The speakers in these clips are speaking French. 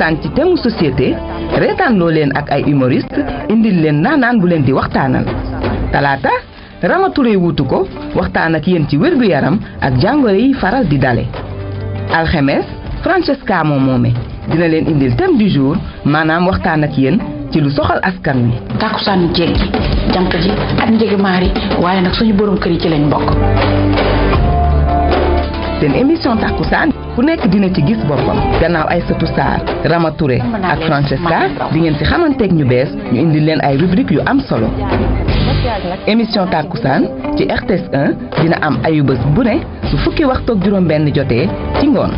waxtaan ci temu société reetaanloo leen ak ay humoriste indil leen naanaan bu leen di waxtaanal talaata Rama Touré wuutu ko waxtaan ak yéen ci wérgu yaram ak jàngoro yi faral di dale alxemes Francesca moo moome dina leen indil thème du jour maanaam waxtaan ak yéen ci lu soxal askan wi. takkusaanu jeeg ji jant ji ak njëgmaar yi waaye nag suñu borom kër yi ci lañ bokk. seen émission takkusaan ku nekk dina ci gis boppam gannaaw ay sëtu Sarr Rama Touré ak Francesca di ngeen ci xamanteeg ñu bees ñu indi leen ay rubrique yu am solo émission takkusaan ci RTS dina am ayubés bu ne su fukki waxtoog juróom benn jotee ci ngoon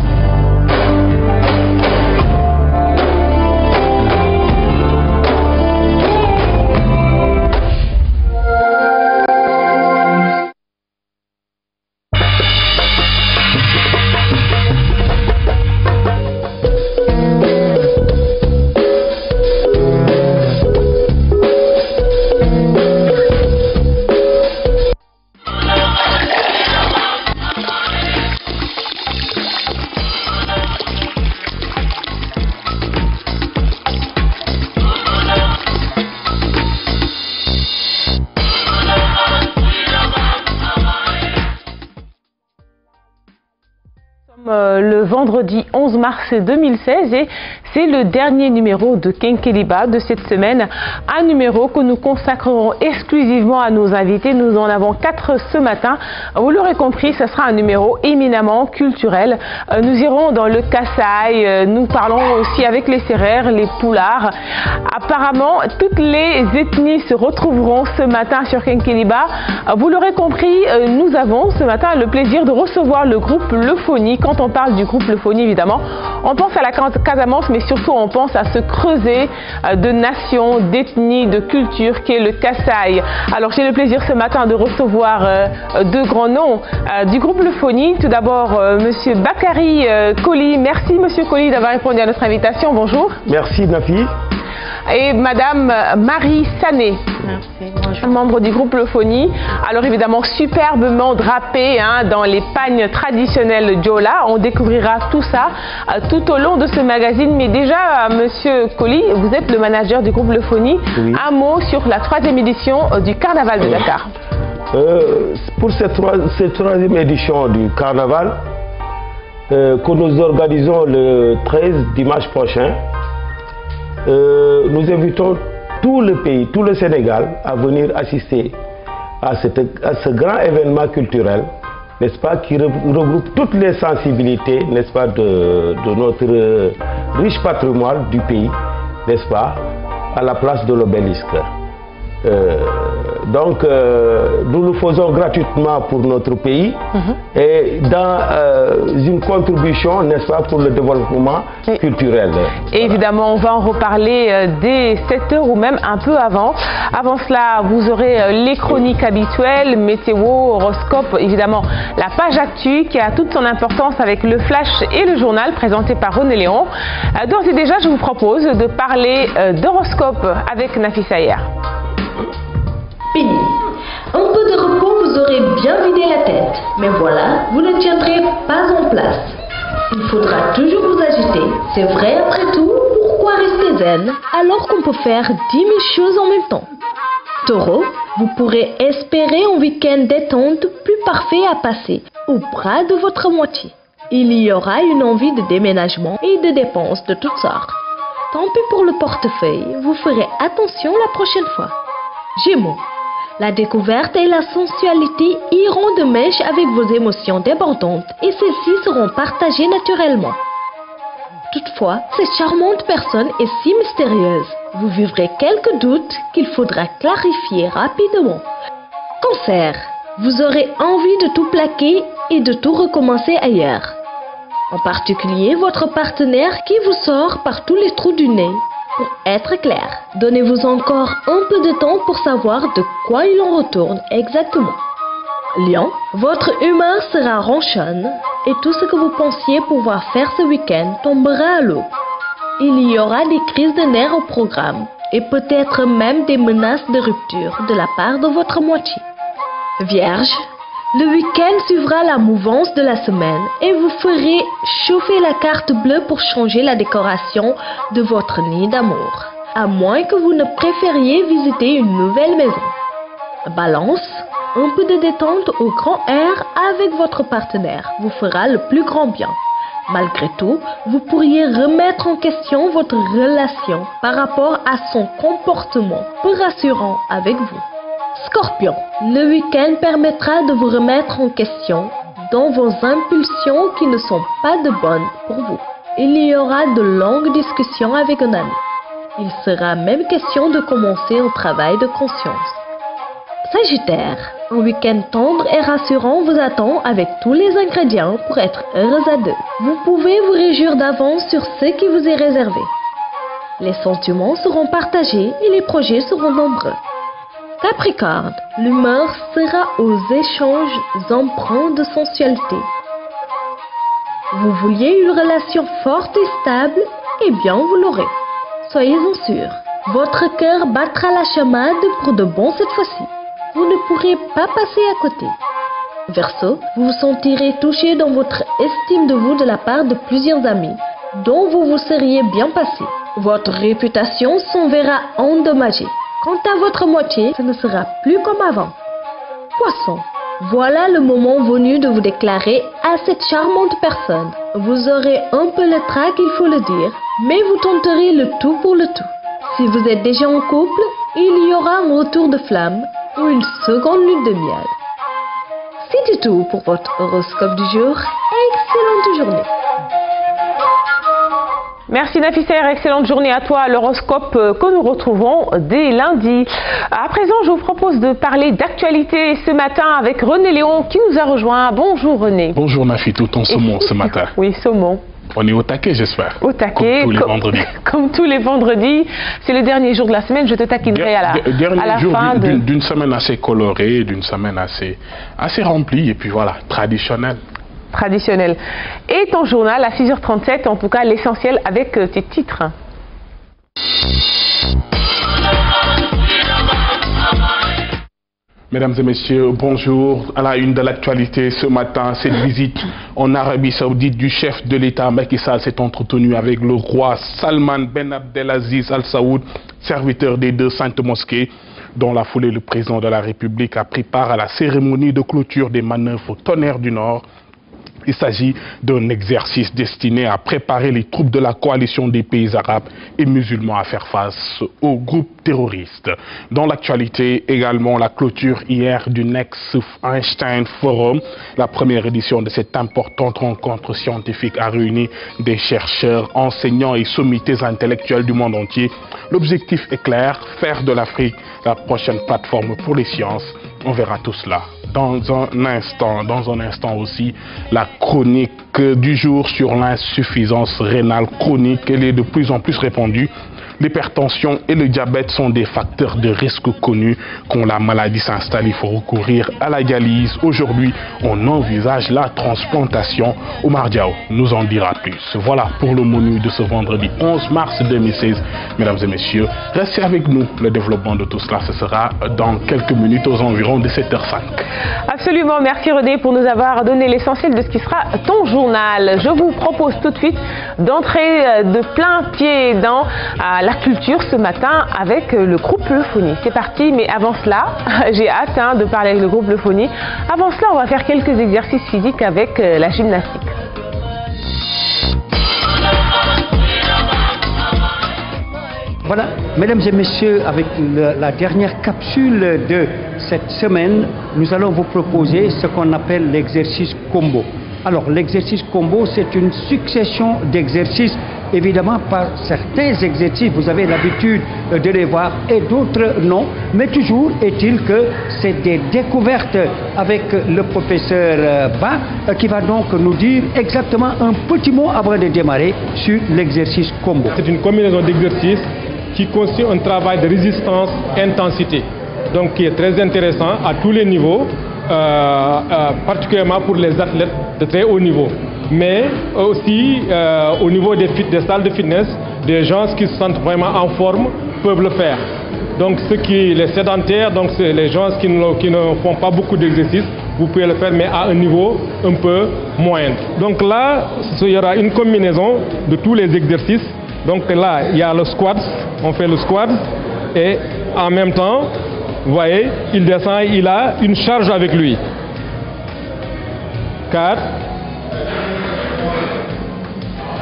11 mars 2016 et c'est le dernier numéro de Kenkeliba de cette semaine. Un numéro que nous consacrerons exclusivement à nos invités. Nous en avons quatre ce matin. Vous l'aurez compris, ce sera un numéro éminemment culturel. Euh, nous irons dans le Kassai. Euh, nous parlons aussi avec les serrères, les poulards. Apparemment, toutes les ethnies se retrouveront ce matin sur Kenkeliba. Euh, vous l'aurez compris, nous avons ce matin le plaisir de recevoir le groupe Lephonie. Quand on parle du groupe on pense à la Casamance, mais surtout on pense à ce creuset euh, de nations, d'ethnies, de cultures qu'est le Kassai. Alors j'ai le plaisir ce matin de recevoir euh, deux grands noms euh, du groupe Lephonie. Tout d'abord, Monsieur Bakary Colli. Merci Monsieur Colli d'avoir répondu à notre invitation. Bonjour. Merci fille et Madame euh, Marie Sané. Merci, Membre du groupe Lephonie. Alors évidemment, superbement drapé hein, dans les pagnes traditionnelles Jola. On découvrira tout ça euh, tout au long de ce magazine. Mais déjà, euh, Monsieur Colli, vous êtes le manager du groupe Le Un mot sur la troisième édition du Carnaval de Dakar. pour cette, cette, troisième édition du Carnaval, que nous organisons le 13 dimanche prochain, euh, nous invitons tout le pays, tout le Sénégal à venir assister à, ce grand événement culturel, n'est-ce pas, qui regroupe toutes les sensibilités, n'est-ce pas, de, de notre euh, riche patrimoine du pays, n'est-ce pas, à la place de l'obélisque. Euh, donc, euh, nous nous faisons gratuitement pour notre pays mhm. et dans euh, une contribution, n'est-ce pas, pour le développement culturel. Évidemment, on va en reparler dès 7h ou même un peu avant. Avant cela, vous aurez les chroniques habituelles, météo, horoscope, évidemment, la page actuelle qui a toute son importance avec le flash et le journal présenté par René Léon. D'ores et déjà, je vous propose de parler d'horoscope avec Nafisa Ayer. Un peu de repos vous aurez bien vidé la tête, mais voilà, vous ne tiendrez pas en place. Il faudra toujours vous agiter, c'est vrai après tout, pourquoi rester zen alors qu'on peut faire 10 000 choses en même temps Taureau, vous pourrez espérer un week-end détente plus parfait à passer au bras de votre moitié. Il y aura une envie de déménagement et de dépenses de toutes sortes. Tant pis pour le portefeuille, vous ferez attention la prochaine fois. Gémeaux, la découverte et la sensualité iront de mèche avec vos émotions débordantes et celles-ci seront partagées naturellement. Toutefois, cette charmante personne est si mystérieuse. Vous vivrez quelques doutes qu'il faudra clarifier rapidement. Cancer. Vous aurez envie de tout plaquer et de tout recommencer ailleurs. En particulier, votre partenaire qui vous sort par tous les trous du nez pour être clair, donnez-vous encore un peu de temps pour savoir de quoi il en retourne exactement. Lion, votre humeur sera ronchonne et tout ce que vous pensiez pouvoir faire ce week-end tombera à l'eau. Il y aura des crises de nerfs au programme et peut-être même des menaces de rupture de la part de votre moitié. Vierge, le week-end suivra la mouvance de la semaine et vous ferez chauffer la carte bleue pour changer la décoration de votre nid d'amour, à moins que vous ne préfériez visiter une nouvelle maison. Balance, un peu de détente au grand air avec votre partenaire vous fera le plus grand bien. Malgré tout, vous pourriez remettre en question votre relation par rapport à son comportement peu rassurant avec vous. Scorpion, le week-end permettra de vous remettre en question dans vos impulsions qui ne sont pas de bonnes pour vous. Il y aura de longues discussions avec un ami. Il sera même question de commencer un travail de conscience. Sagittaire, un week-end tendre et rassurant vous attend avec tous les ingrédients pour être heureux à deux. Vous pouvez vous réjouir d'avance sur ce qui vous est réservé. Les sentiments seront partagés et les projets seront nombreux. Capricorne, l'humeur sera aux échanges empreints de sensualité. Vous vouliez une relation forte et stable Eh bien, vous l'aurez. Soyez-en sûr, Votre cœur battra la chamade pour de bon cette fois-ci. Vous ne pourrez pas passer à côté. Verso, vous vous sentirez touché dans votre estime de vous de la part de plusieurs amis, dont vous vous seriez bien passé. Votre réputation s'en verra endommagée. Quant à votre moitié, ce ne sera plus comme avant. Poisson, voilà le moment venu de vous déclarer à cette charmante personne. Vous aurez un peu le trac, il faut le dire, mais vous tenterez le tout pour le tout. Si vous êtes déjà en couple, il y aura un retour de flamme ou une seconde lutte de miel. C'est tout pour votre horoscope du jour. Excellente journée Merci Serre, excellente journée à toi. L'horoscope euh, que nous retrouvons dès lundi. À présent, je vous propose de parler d'actualité ce matin avec René Léon qui nous a rejoint. Bonjour René. Bonjour Nafi, tout en saumon ce matin. Oui, saumon. On est au taquet, j'espère. Au taquet. Comme tous les vendredis. Comme tous les vendredis. C'est le dernier jour de la semaine. Je te taquinerai à la, fin. D'une semaine assez colorée, d'une semaine assez, assez remplie. Et puis voilà, traditionnelle traditionnelle. Et ton journal à 6h37, en tout cas l'essentiel avec euh, tes titres. Mesdames et messieurs, bonjour. À la une de l'actualité ce matin, cette visite en Arabie Saoudite du chef de l'État Macky s'est entretenu avec le roi Salman Ben Abdelaziz Al Saoud, serviteur des deux saintes mosquées. dont la foulée, le président de la République a pris part à la cérémonie de clôture des manœuvres au tonnerre du Nord il s'agit d'un exercice destiné à préparer les troupes de la coalition des pays arabes et musulmans à faire face aux groupes terroristes. Dans l'actualité, également la clôture hier du Next Einstein Forum. La première édition de cette importante rencontre scientifique a réuni des chercheurs, enseignants et sommités intellectuels du monde entier. L'objectif est clair, faire de l'Afrique la prochaine plateforme pour les sciences on verra tout cela dans un instant. Dans un instant aussi, la chronique du jour sur l'insuffisance rénale chronique. Elle est de plus en plus répandue L'hypertension et le diabète sont des facteurs de risque connus. Quand la maladie s'installe, il faut recourir à la dialyse. Aujourd'hui, on envisage la transplantation. Omar Diao nous en dira plus. Voilà pour le menu de ce vendredi 11 mars 2016. Mesdames et messieurs, restez avec nous. Le développement de tout cela, ce sera dans quelques minutes aux environs de 7h05. Absolument. Merci René pour nous avoir donné l'essentiel de ce qui sera ton journal. Je vous propose tout de suite d'entrer de plein pied dans euh, la culture ce matin avec euh, le groupe Le Lephonie. C'est parti, mais avant cela, j'ai hâte hein, de parler avec le groupe Le Lephonie. Avant cela, on va faire quelques exercices physiques avec euh, la gymnastique. Voilà, mesdames et messieurs, avec la dernière capsule de cette semaine, nous allons vous proposer ce qu'on appelle l'exercice combo. Alors, l'exercice combo, c'est une succession d'exercices évidemment par certains exercices, vous avez l'habitude euh, de les voir et d'autres non. Mais toujours est-il que c'est des découvertes avec le professeur euh, Ba euh, qui va donc nous dire exactement un petit mot avant de démarrer sur l'exercice combo. C'est une combinaison d'exercices qui constitue un travail de résistance intensité, donc qui est très intéressant à tous les niveaux, particulièrement pour les athlètes de très haut niveau mais aussi euh, au niveau des, salles de fitness, des gens qui se sentent vraiment en forme peuvent le faire. Donc ceux qui, les sédentaires, donc les gens qui ne, font pas beaucoup d'exercices, vous pouvez le faire, mais à un niveau un peu moyen. Donc là, il y aura une combinaison de tous les exercices. Donc là, il y a le squat, on fait le squat, et en même temps, vous voyez, il descend, il a une charge avec lui. 4,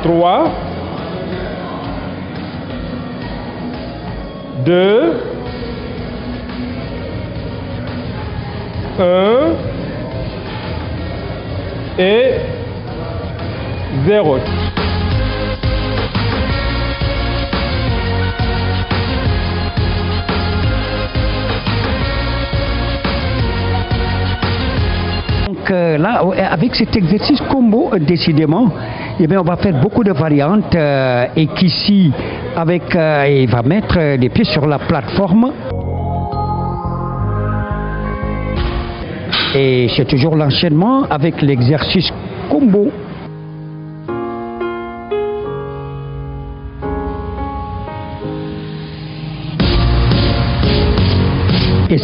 3, 2, 1 et 0. Donc euh, là, avec cet exercice combo, euh, décidément, eh bien, on va faire beaucoup de variantes euh, et qu'ici, avec, euh, il va mettre les pieds sur la plateforme. Et c'est toujours l'enchaînement avec l'exercice combo.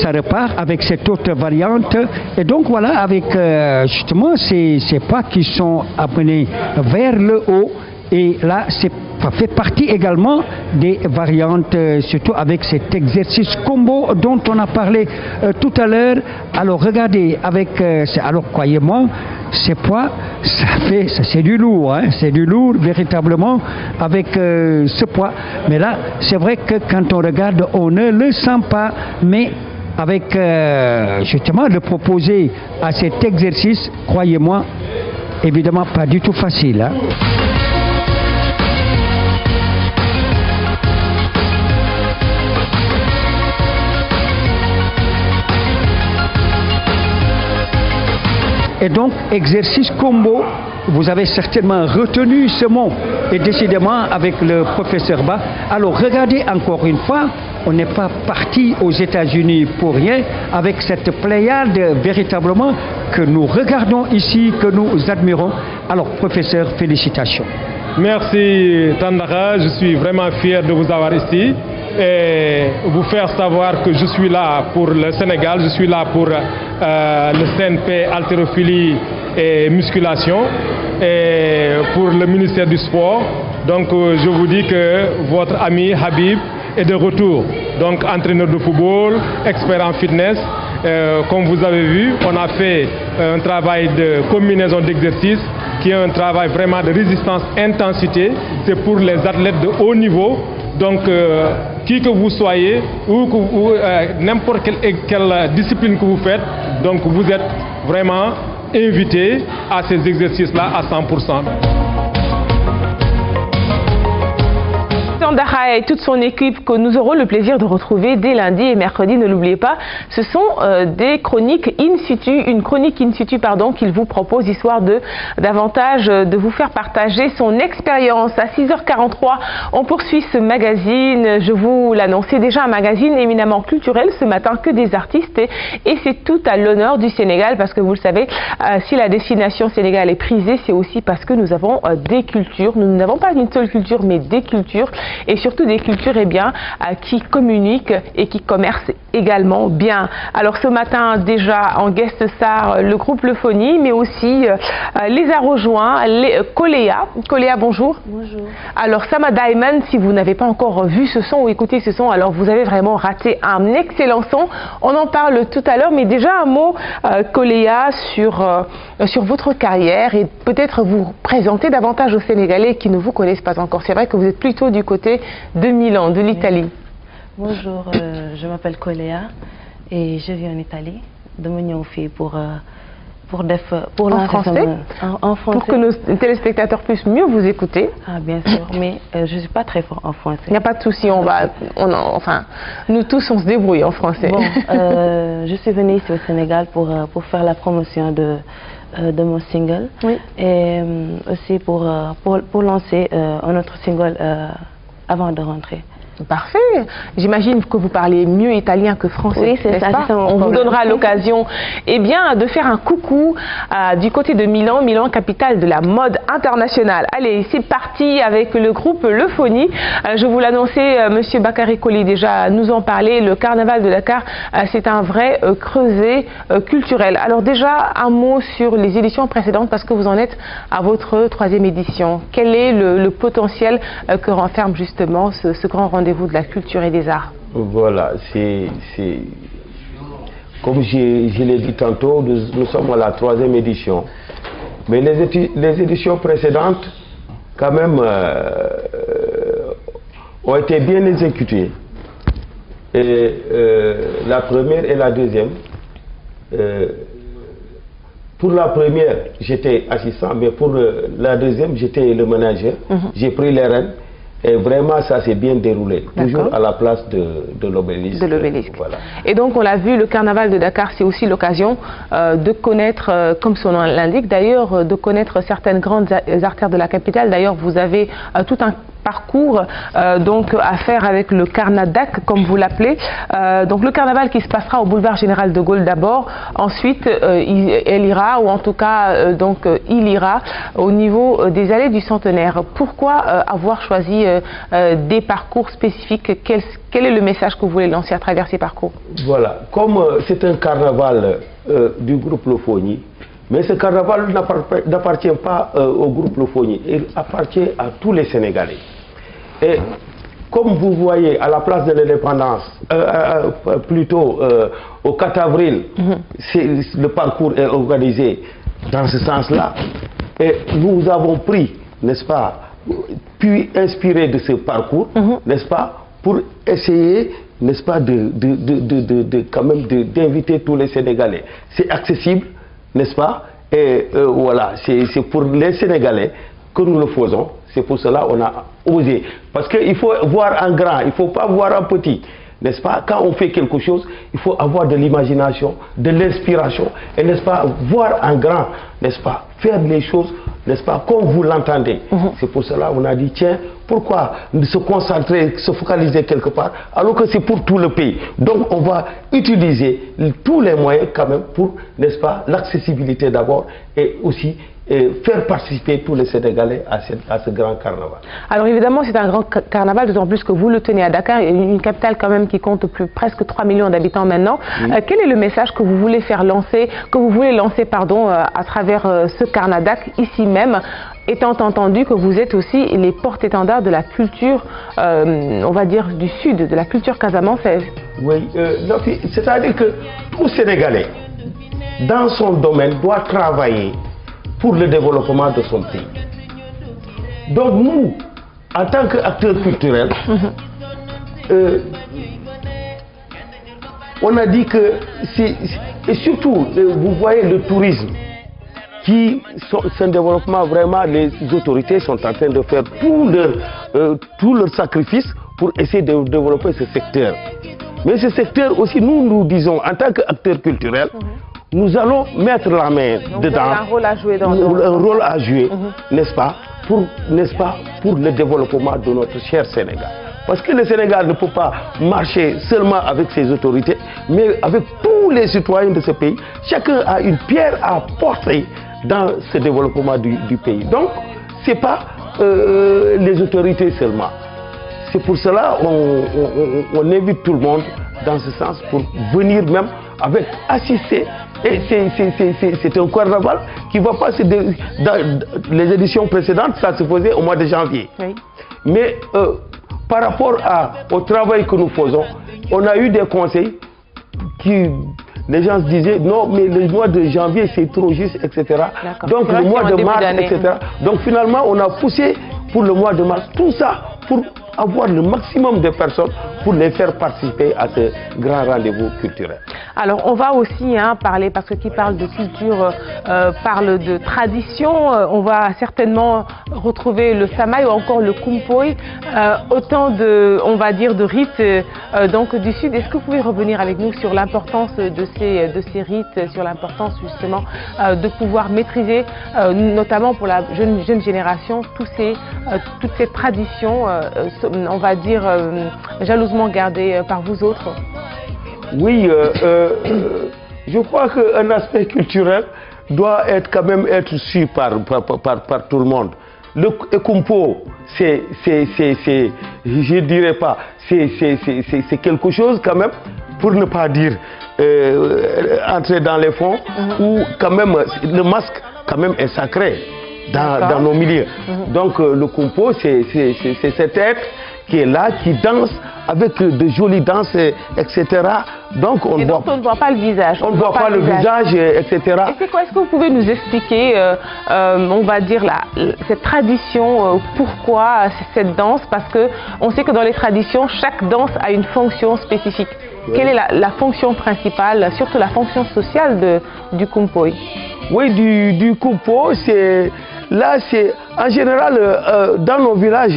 ça repart avec cette autre variante. Et donc voilà, avec euh, justement ces, poids qui sont amenés vers le haut. Et là, c'est fait partie également des variantes, euh, surtout avec cet exercice combo dont on a parlé euh, tout à l'heure. Alors regardez, avec, alors croyez-moi, ces poids, ça fait, c'est du lourd, hein, c'est du lourd véritablement avec ce poids. Mais là, c'est vrai que quand on regarde, on ne le sent pas, mais avec euh, justement de proposer à cet exercice, croyez-moi, évidemment pas du tout facile. Hein. Et donc, exercice combo vous avez certainement retenu ce mot, et décidément avec le professeur Ba. Alors regardez encore une fois, on n'est pas parti aux États-Unis pour rien avec cette pléiade véritablement que nous regardons ici, que nous admirons. Alors professeur, félicitations. Merci Tandara, je suis vraiment fier de vous avoir ici et vous faire savoir que je suis là pour le Sénégal, je suis là pour euh, le CNP Altérophilie, et musculation et pour le ministère du Sport. Donc euh, je vous dis que votre ami Habib est de retour. Donc entraîneur de football, expert en fitness. Euh, comme vous avez vu, on a fait un travail de combinaison d'exercices qui est un travail vraiment de résistance intensité. C'est pour les athlètes de haut niveau. Donc euh, qui que vous soyez ou, n'importe quelle, quelle discipline que vous faites, donc vous êtes vraiment invité à ces exercices-là à 100%. Vincent et toute son équipe que nous aurons le plaisir de retrouver dès lundi et mercredi, ne l'oubliez pas. Ce sont euh, des chroniques in situ, une chronique in situ pardon, qu'il vous propose, histoire de davantage euh, de vous faire partager son expérience. À 6h43, on poursuit ce magazine. Je vous l'annonçais déjà, un magazine éminemment culturel ce matin que des artistes. Et, c'est tout à l'honneur du Sénégal parce que vous le savez, euh, si la destination Sénégal est prisée, c'est aussi parce que nous avons des cultures. Nous n'avons pas une seule culture, mais des cultures et surtout des cultures eh bien, qui communiquent et qui commercent également bien. Alors ce matin déjà en guest star le groupe Le Lephonie, mais aussi euh, les a rejoints, les, euh, Coléa. Coléa, bonjour. Bonjour. Alors Sama Diamond, si vous n'avez pas encore vu ce son ou écouté ce son, alors vous avez vraiment raté un excellent son. On en parle tout à l'heure, mais déjà un mot, euh, Coléa, sur, sur votre carrière et peut-être vous présenter davantage aux Sénégalais qui ne vous connaissent pas encore. C'est vrai que vous êtes plutôt du côté de Milan, de l'Italie. Bonjour, euh, je m'appelle Coléa et je vis en Italie. de pour euh, pour def pour en français en français pour que nos téléspectateurs puissent mieux vous écouter. ah bien sûr mais je euh, je suis pas très fort en français. il n'y a pas de souci on va on enfin nous tous on se débrouille en français. bon je suis venue ici au Sénégal pour pour faire la promotion de de mon single. oui et aussi pour pour pour lancer un autre single avant de rentrer. Parfait. J'imagine que vous parlez mieux italien que français. Oui, c'est -ce ça. Pas? On vous donnera l'occasion eh bien, de faire un coucou euh, du côté de Milan, Milan, capitale de la mode internationale. Allez, c'est parti avec le groupe Le Euh, je vous l'annonçais, M. Euh, Monsieur Bakary déjà nous en parlait. Le carnaval de Dakar, euh, c'est un vrai creuset culturel. Alors déjà, un mot sur les éditions précédentes parce que vous en êtes à votre troisième édition. Quel est le, potentiel que renferme justement ce, ce grand rendez-vous vous de la culture et des arts Voilà, c'est... Comme je, l'ai dit tantôt, nous, sommes à la troisième édition. Mais les, les éditions précédentes, quand même, euh, ont été bien exécutées. Et euh, la première et la deuxième. Euh, pour la première, j'étais assistant, mais pour la deuxième, j'étais le manager. Mhm. J'ai pris les rênes. Et vraiment, ça s'est bien déroulé, toujours à la place de, de l'obélisque. Et donc, on l'a vu, le carnaval de Dakar, c'est aussi l'occasion euh, de connaître, euh, comme son nom l'indique d'ailleurs, euh, de connaître certaines grandes artères de la capitale. D'ailleurs, vous avez tout un parcours euh, donc, à faire avec le Carnadac, comme vous l'appelez. Euh, donc le carnaval qui se passera au boulevard Général de Gaulle d'abord. Ensuite, euh, il, elle ira, ou en tout cas, donc, il ira au niveau des allées du centenaire. Pourquoi avoir choisi des parcours spécifiques quel, est le message que vous voulez lancer à travers ces parcours Voilà, comme c'est un carnaval du groupe Lofoni, mais ce carnaval n'appartient pas au groupe Lofoni, il appartient à tous les Sénégalais. Et comme vous voyez, à la place de l'indépendance, euh, euh, euh, plutôt au 4 avril, mhm. le parcours est organisé dans ce sens-là. Et nous avons pris, n'est-ce pas, puis inspiré de ce parcours, mhm. n'est-ce pas, pour essayer n'est-ce pas, de, quand même d'inviter tous les Sénégalais. C'est accessible, n'est-ce pas Et voilà, c'est pour les Sénégalais que nous le faisons. C'est pour cela qu'on a osé. Parce qu'il faut voir en grand, il ne faut pas voir en petit. N'est-ce pas Quand on fait quelque chose, il faut avoir de l'imagination, de l'inspiration, et n'est-ce pas Voir en grand, n'est-ce pas Faire les choses, n'est-ce pas Comme vous l'entendez. Mm-hmm. C'est pour cela qu'on a dit, tiens, pourquoi se concentrer, se focaliser quelque part, alors que c'est pour tout le pays Donc on va utiliser tous les moyens quand même pour, n'est-ce pas, l'accessibilité d'abord, et aussi et faire participer tous les Sénégalais à, ce grand carnaval. Alors évidemment, c'est un grand carnaval, d'autant plus que vous le tenez à Dakar, une capitale quand même qui compte plus, presque 3 millions d'habitants maintenant. Euh, quel est le message que vous voulez faire lancer, que vous voulez lancer pardon, euh, à travers euh, ce Carnadac ici même, étant entendu que vous êtes aussi les porte-étendards de la culture, on va dire, du Sud, de la culture casamanceaise Oui, c'est-à-dire que tout Sénégalais, dans son domaine, doit travailler le développement de son pays. Donc nous, en tant qu'acteurs culturels, mhm. euh, on a dit que c'est... Et surtout, euh, vous voyez le tourisme, qui c'est un développement vraiment, les autorités sont en train de faire tous leurs sacrifices euh, tout leur sacrifice pour essayer de développer ce secteur. Mais ce secteur aussi, nous nous disons, en tant qu'acteurs culturels, mhm nous allons mettre la main dedans. Un rôle à jouer mhm. n'est-ce pas, pour, n'est-ce pas, pour le développement de notre cher Sénégal. Parce que le Sénégal ne peut pas marcher seulement avec ses autorités, mais avec tous les citoyens de ce pays. Chacun a une pierre à porter dans ce développement du, pays. Donc, ce n'est pas euh, euh, les autorités seulement. C'est pour cela qu'on invite tout le monde dans ce sens pour venir même avec assister c'est un carnaval qui va passer dans les éditions précédentes, ça se faisait au mois de janvier. Mais euh, par rapport au travail que nous faisons, on a eu des conseils qui les gens se disaient non, mais le mois de janvier c'est trop juste, etc. Donc le mois de mars, etc. Hein. Donc finalement, on a poussé pour le mois de mars. Tout ça pour avoir le maximum de personnes pour les faire participer à ce grand rendez-vous culturel. Alors on va aussi hein, parler, parce que qui parle de culture euh, euh, parle de tradition, euh, on va certainement retrouver le samaï ou encore le kumpoi, autant de, on va dire, de rites donc, du Sud. Est-ce que vous pouvez revenir avec nous sur l'importance de ces, rites, sur l'importance justement de pouvoir maîtriser, notamment pour la jeune, jeune génération, toutes ces traditions euh, on va dire, euh, jalousement gardé euh, par vous autres Oui, je crois qu'un aspect culturel doit être quand même être su par, tout le monde. Le compo c'est, je dirais pas, c'est quelque chose quand même, pour ne pas dire entrer dans les fonds, mm-hmm. où quand même le masque quand même est sacré dans, nos milieux. Mhm. Donc euh, le compo, c'est cet être qui est là, qui danse avec de jolies danses, etc. Donc on, et on ne voit pas le visage. On ne voit, pas, le visage, etc. Est-ce que vous pouvez nous expliquer, euh, euh, on va dire, cette tradition, pourquoi cette danse Parce qu'on sait que dans les traditions, chaque danse a une fonction spécifique. Quelle est la, fonction principale, surtout la fonction sociale du Kumpoï oui, du, du coupeau, c'est... Là, c'est... En général, euh, dans nos villages,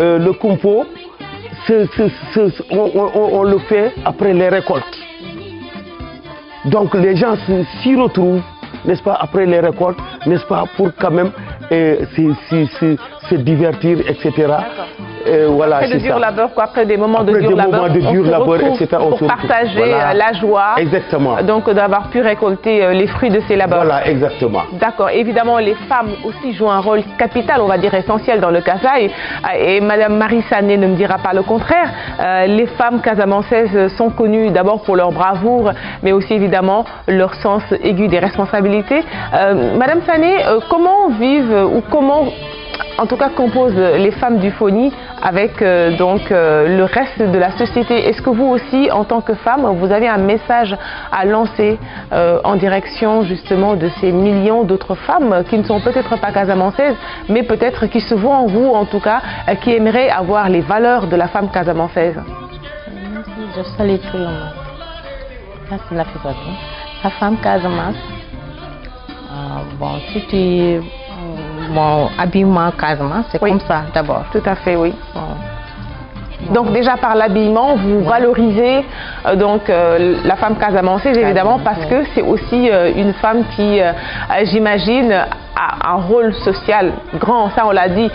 euh, le coupeau, on, on, le fait après les récoltes. Donc les gens s'y retrouvent, n'est-ce pas, après les récoltes, n'est-ce pas, pour quand même... Euh, se divertir, etc. voilà, après de dur labeur, après des moments de dur labeur, on se etc., pour partager euh, la joie. Exactement. Donc d'avoir pu récolter euh, les fruits de ces labeurs. Voilà, exactement. D'accord. Évidemment, les femmes aussi jouent un rôle capital, on va dire essentiel dans le Casa. Et, Mme euh, Madame Marie Sané ne me dira pas le contraire. les femmes casamancaises sont connues d'abord pour leur bravoure, mais aussi évidemment leur sens aigu des responsabilités. Mme Madame Sané, comment vivent ou comment en tout cas composent les femmes du FONI avec euh, donc euh, le reste de la société. Est-ce que vous aussi, en tant que femme, vous avez un message à lancer euh, en direction justement de ces millions d'autres femmes qui ne sont peut-être pas casamançaises, mais peut-être qui se voient en vous en tout cas, qui aimeraient avoir les valeurs de la femme casamançaise Je salue tout le monde. la hein. La femme casamance, bon, si mon habillement Casamance, c'est comme ça d'abord. Tout à fait, oui. Donc déjà par l'habillement, vous valorisez euh, donc euh, la femme casemanceuse, évidemment parce que c'est aussi euh, une femme qui, j'imagine, a un rôle social grand, ça on l'a dit,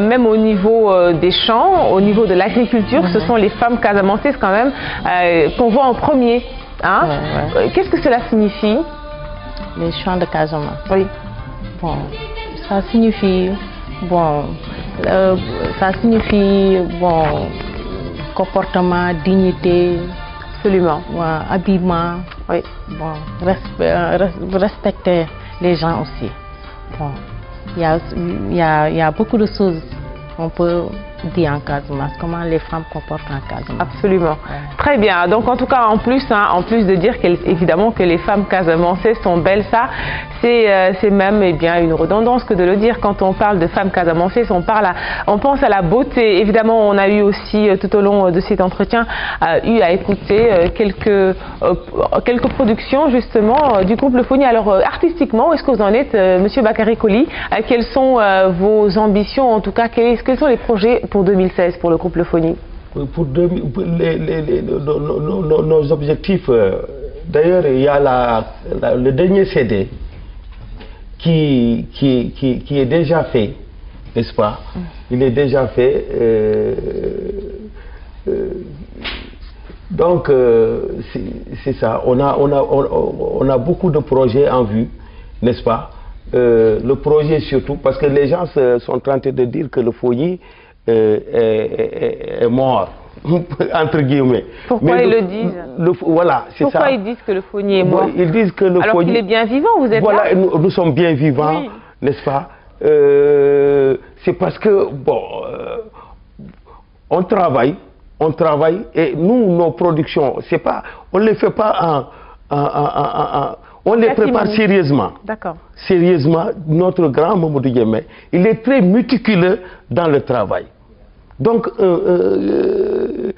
même au niveau des champs, au niveau de l'agriculture, ce sont les femmes casamancées quand même qu'on voit en premier. Hein. Qu'est-ce que cela signifie Les champs de Casamance. Oui. Bon, ça signifie, bon, euh, ça signifie, bon, comportement, dignité. Absolument. bon habillement. Oui. Bon, euh, respecter les gens aussi. Bon, il y a, y a beaucoup de choses qu'on peut dit en Casamance, comment les femmes comportent en Casamance. Absolument. Très bien. Donc en tout cas, en plus, hein, en plus de dire évidemment que les femmes casemancées sont belles, ça, c'est euh, même et eh bien, une redondance que de le dire. Quand on parle de femmes casamancées. on, parle on pense à la beauté. Évidemment, on a eu aussi, euh, tout au long euh, de cet entretien, eu à écouter quelques, quelques productions, justement, du groupe Le Alors, artistiquement, où est-ce que vous en êtes, Monsieur Bakary Quelles sont vos ambitions, en tout cas quels sont les projets pour 2016 pour le couple Phonie Pour, nos, objectifs, euh, d'ailleurs, il y a le dernier CD qui, est déjà fait, n'est-ce pas Il est déjà fait. Euh, euh, donc, c'est ça. On a, beaucoup de projets en vue, n'est-ce pas le projet surtout, parce que les gens sont tentés de dire que le foyer euh, est, mort, entre guillemets. Pourquoi Mais ils le, disent Voilà, c'est ça. Pourquoi ils disent que le fournier est mort Ils disent que le Alors qu'il est bien vivant, vous êtes là nous, nous, sommes bien vivants, n'est-ce pas euh, C'est parce que, bon, euh, on travaille, on travaille, et nous, nos productions, c'est pas, on ne les fait pas en, en, en, on les prépare sérieusement. D'accord. Sérieusement, notre grand Mamoudou guillemets il est très méticuleux dans le travail. Donc, euh, euh, euh,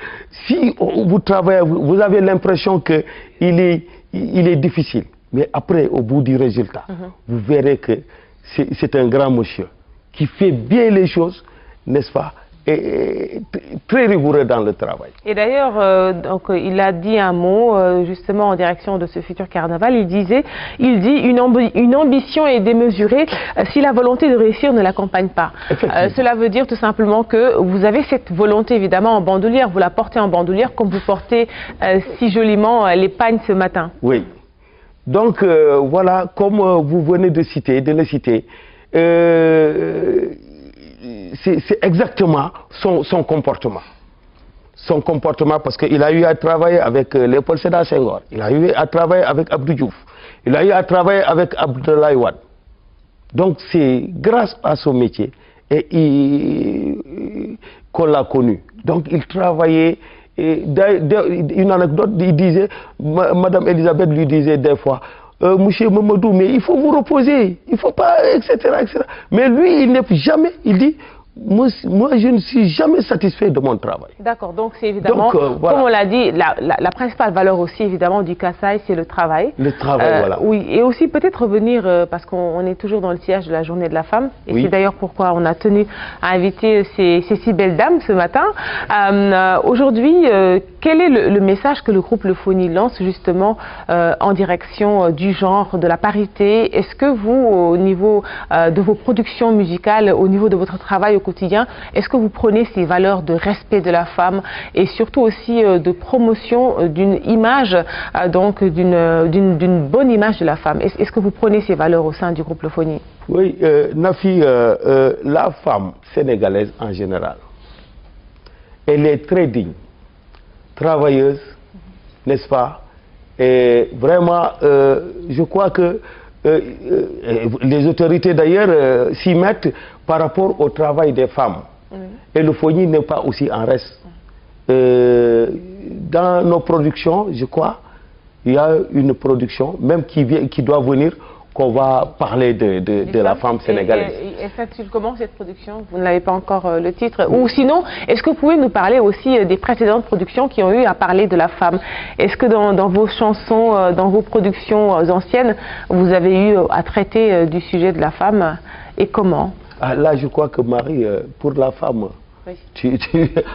si vous travaillez, vous avez l'impression qu'il est, il est difficile. Mais après, au bout du résultat, mhm. vous verrez que c'est un grand monsieur qui fait bien les choses, n'est-ce pas très rigoureux dans le travail. Et d'ailleurs, euh, donc il a dit un mot euh, justement en direction de ce futur carnaval. Il disait, il dit une, ambition est démesurée euh, si la volonté de réussir ne l'accompagne pas. cela veut dire tout simplement que vous avez cette volonté évidemment en bandoulière, vous la portez en bandoulière comme vous portez si joliment les pagnes ce matin. Oui. Donc voilà, comme vous venez de citer, de le citer c'est exactement son, comportement. Son comportement, parce qu'il a eu à travailler avec euh, Léopold Sédar Senghor, il a eu à travailler avec Abdou Diouf, il a eu à travailler avec Abdoulaye Wade. Donc c'est grâce à son métier et qu'on l'a connu. Donc il travaillait, et, une anecdote, il disait, Madame Elisabeth lui disait des fois, euh, monsieur Mamadou, mais il faut vous reposer, il ne faut pas, etc., etc. Mais lui, il n'est jamais, il dit, moi, moi, je ne suis jamais satisfait de mon travail. D'accord, donc c'est évidemment, euh, comme on l'a dit, la, la, principale valeur aussi évidemment du Kassai, c'est le travail. Le travail, euh, voilà. Oui, et aussi peut-être revenir, euh, parce qu'on est toujours dans le siège de la journée de la femme, et c'est d'ailleurs pourquoi on a tenu à inviter ces, ces six belles dames ce matin. Aujourd'hui, quel est le, message que le groupe Le Fony lance justement en direction du genre, de la parité Est-ce que vous, au niveau de vos productions musicales, au niveau de votre travail au quotidien. Est-ce que vous prenez ces valeurs de respect de la femme et surtout aussi euh, de promotion euh, d'une image, euh, donc d'une bonne image de la femme Est-ce que vous prenez ces valeurs au sein du groupe Le Oui, Nafi, la femme sénégalaise en général, elle est très digne, travailleuse, n'est-ce pas Et vraiment, je crois que les autorités d'ailleurs s'y mettent par rapport au travail des femmes. Et le foyer n'est pas aussi en reste. Euh, dans nos productions, je crois, il y a une production, même qui, vient, qui doit venir, qu'on va parler de, la femme sénégalaise. Et, ce ça, cette production Vous n'avez pas encore euh, le titre. Ou sinon, est-ce que vous pouvez nous parler aussi euh, des précédentes productions qui ont eu à parler de la femme Est-ce que dans, vos chansons, dans vos productions anciennes, vous avez eu à traiter du sujet de la femme Et comment ah, là, je crois que Marie, euh, pour la femme,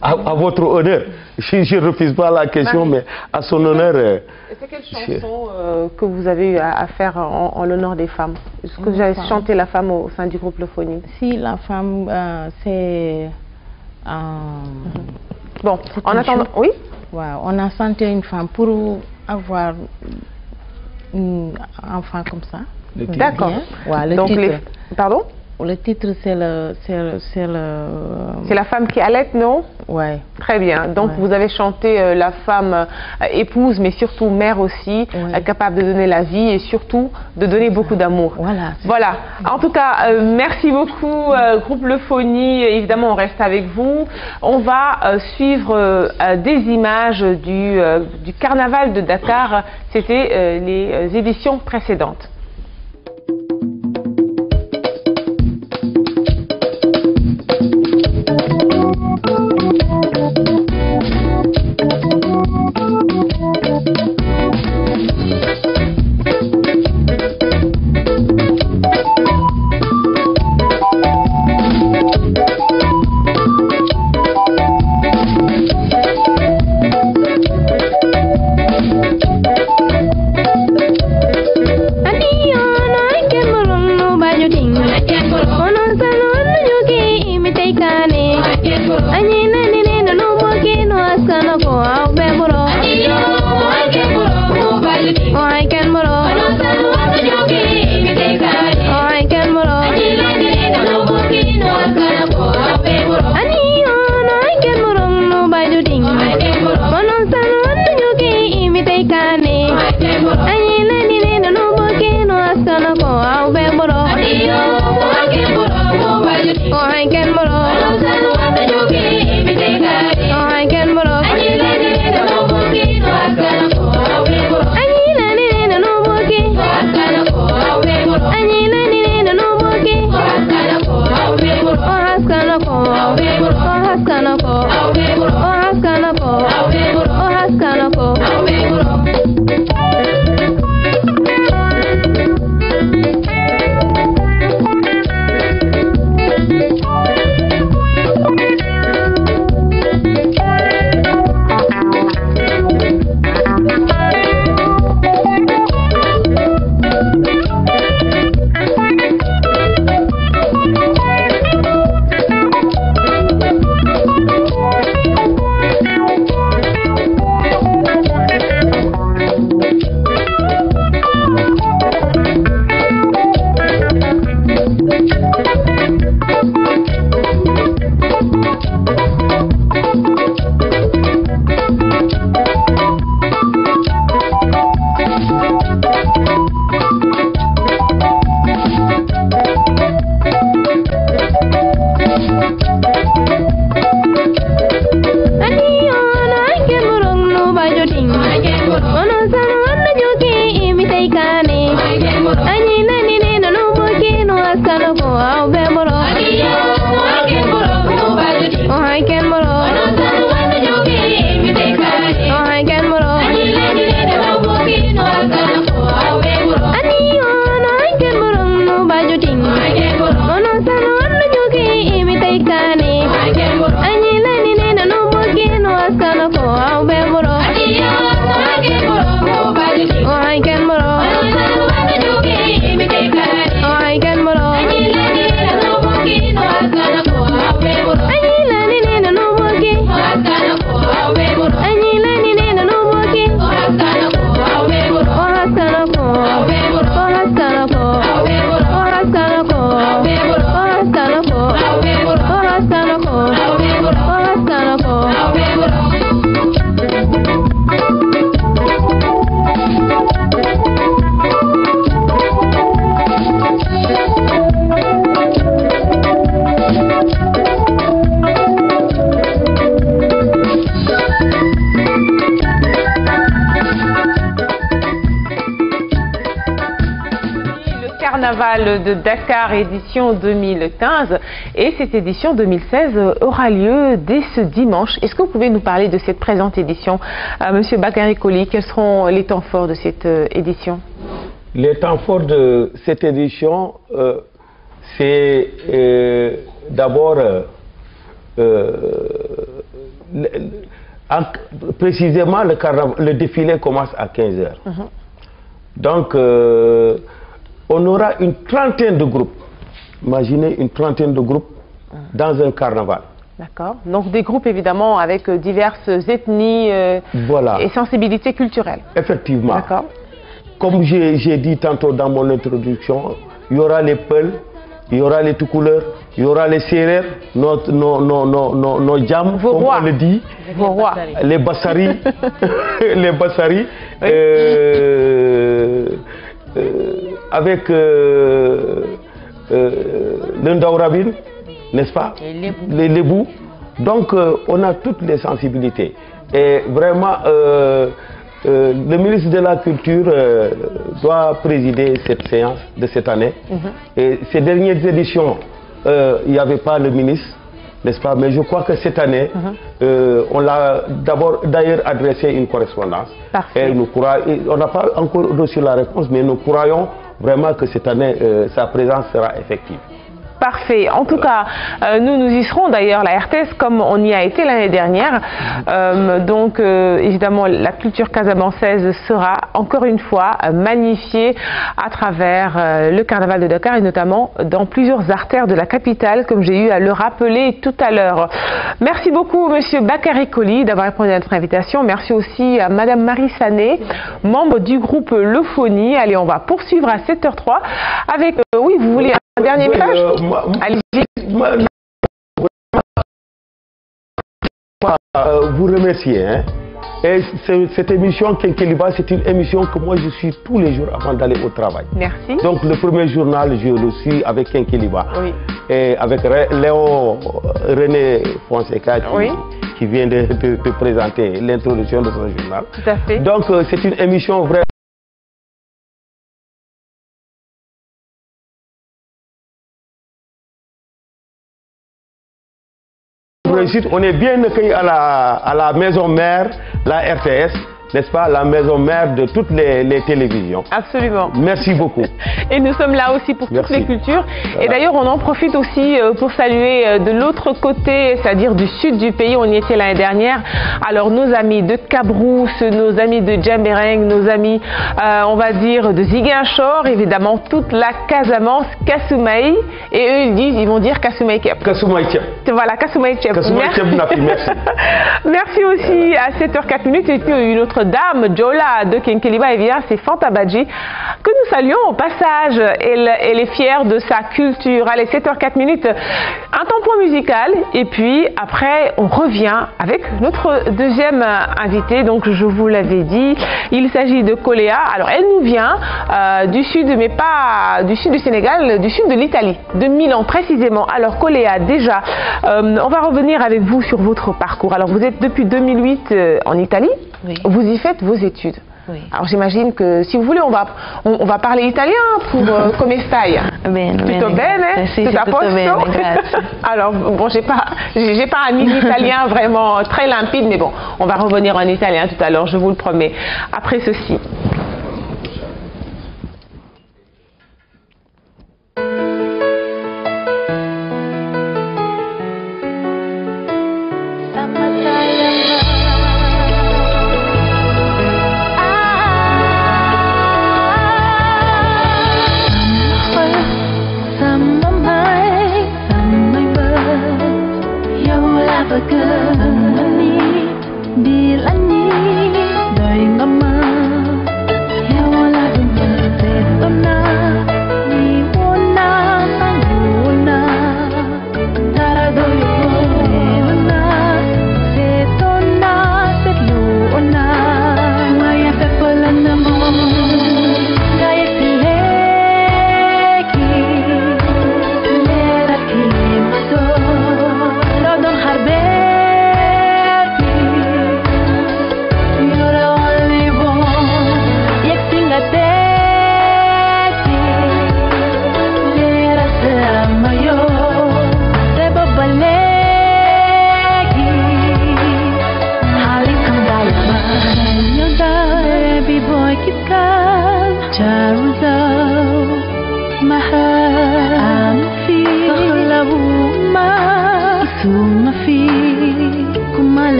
à, votre honneur, je ne refuse pas la question, mais à son honneur... Euh, c'est quelle chanson euh, que vous avez eu à, faire en, l'honneur des femmes Est-ce que vous avez chanté la femme au, sein du groupe Phonie Si, la femme, c'est... bon, en attendant... Oui On a chanté une femme pour avoir un enfant comme ça. D'accord. Hein? le Donc titre. les... Pardon le titre, c'est le... Euh, c'est la femme qui allait, non Oui. Très bien. Donc, vous avez chanté euh, la femme euh, épouse, mais surtout mère aussi, capable de donner la vie et surtout de donner beaucoup d'amour. Voilà. Voilà. En tout cas, merci beaucoup, groupe Le Lephonie. Évidemment, on reste avec vous. On va suivre des images du, du carnaval de Dakar. C'était les éditions précédentes. ne. Anyi na de Dakar édition 2015 et cette édition 2016 aura lieu dès ce dimanche. Est-ce que vous pouvez nous parler de cette présente édition euh, Monsieur Bakary quels seront les temps forts de cette euh, édition Les temps forts de cette édition, euh, c'est d'abord précisément le, défilé commence à 15h. Mhm. Donc, on aura une trentaine de groupes. Imaginez une trentaine de groupes ah. dans un carnaval. D'accord. Donc des groupes évidemment avec euh, diverses ethnies euh, voilà. et sensibilités culturelles. Effectivement. D'accord. Comme j'ai dit tantôt dans mon introduction, il y aura les peuls, il y aura les tout couleurs, il y aura les serrères, nos, comme on le dit, les bassaris, les bassaris, euh, avec euh, euh n'est-ce pas Les Lébous. Donc, euh, on a toutes les sensibilités. Et vraiment, euh, le ministre de la Culture doit présider cette séance de cette année. Mhm. Et ces dernières éditions, il n'y avait pas le ministre, n'est-ce pas Mais je crois que cette année, mhm. on l'a d'abord d'ailleurs adressé une correspondance. on n'a pas encore reçu la réponse, mais nous croyons vraiment que cette année, euh, sa présence sera effective. Parfait. En tout cas, euh, nous, nous y serons d'ailleurs, la RTS, comme on y a été l'année dernière. Euh, donc, euh, évidemment, la culture casamanceaise sera encore une fois magnifiée à travers le carnaval de Dakar et notamment dans plusieurs artères de la capitale, comme j'ai eu à le rappeler tout à l'heure. Merci beaucoup, Monsieur Bakary Colli, d'avoir répondu à notre invitation. Merci aussi à Madame Marie Sané, membre du groupe Lephonie. Allez, on va poursuivre à 7h03 avec, oui, vous voulez... Un dernier message euh, Allez-y. Euh, vous remercier. Hein. Et cette émission, Kenkeliba, c'est une émission que moi je suis tous les jours avant d'aller au travail. Merci. Donc le premier journal, je le suis avec Kenkeliba. Oui. Et avec Léo euh, René Fonseca qui, vient de, présenter l'introduction de son journal. Tout à fait. Donc c'est une émission vraie. On est bien accueillis à la maison mère, la RTS n'est-ce pas, la maison mère de toutes les, télévisions. Absolument. Merci beaucoup. Et nous sommes là aussi pour toutes les cultures. Et d'ailleurs, on en profite aussi euh, pour saluer euh, de l'autre côté, c'est-à-dire du sud du pays. On y était l'année dernière. Alors, nos amis de Cabrousse, nos amis de Djambereng, nos amis, euh, on va dire, de Ziguinchor, évidemment, toute la Casamance, Kasoumaï. Et eux, ils disent, ils vont dire Kasumaï Kep. Voilà, Kasumaï merci. merci aussi à 7h04 minutes et puis une autre dame Jola de Kinkeliba. Et eh bien, c'est Fantabadji que nous saluons au passage. Elle, est fière de sa culture. Allez, 7 h 4 minutes, un temps point musical. Et puis, après, on revient avec notre deuxième invité. Donc, je vous l'avais dit, il s'agit de Coléa. Alors, elle nous vient euh, du sud, mais pas du sud du Sénégal, du sud de l'Italie, de Milan précisément. Alors, Coléa, déjà, euh, on va revenir avec vous sur votre parcours. Alors, vous êtes depuis 2008 euh, en Italie vous y faites vos études. Alors j'imagine que si vous voulez, on va, on, va parler italien pour euh, plutôt Ben, Bien, bene, Alors bon, j'ai pas, pas un italien vraiment très limpide, mais bon, on va revenir en italien tout à l'heure, je vous le promets. Après ceci.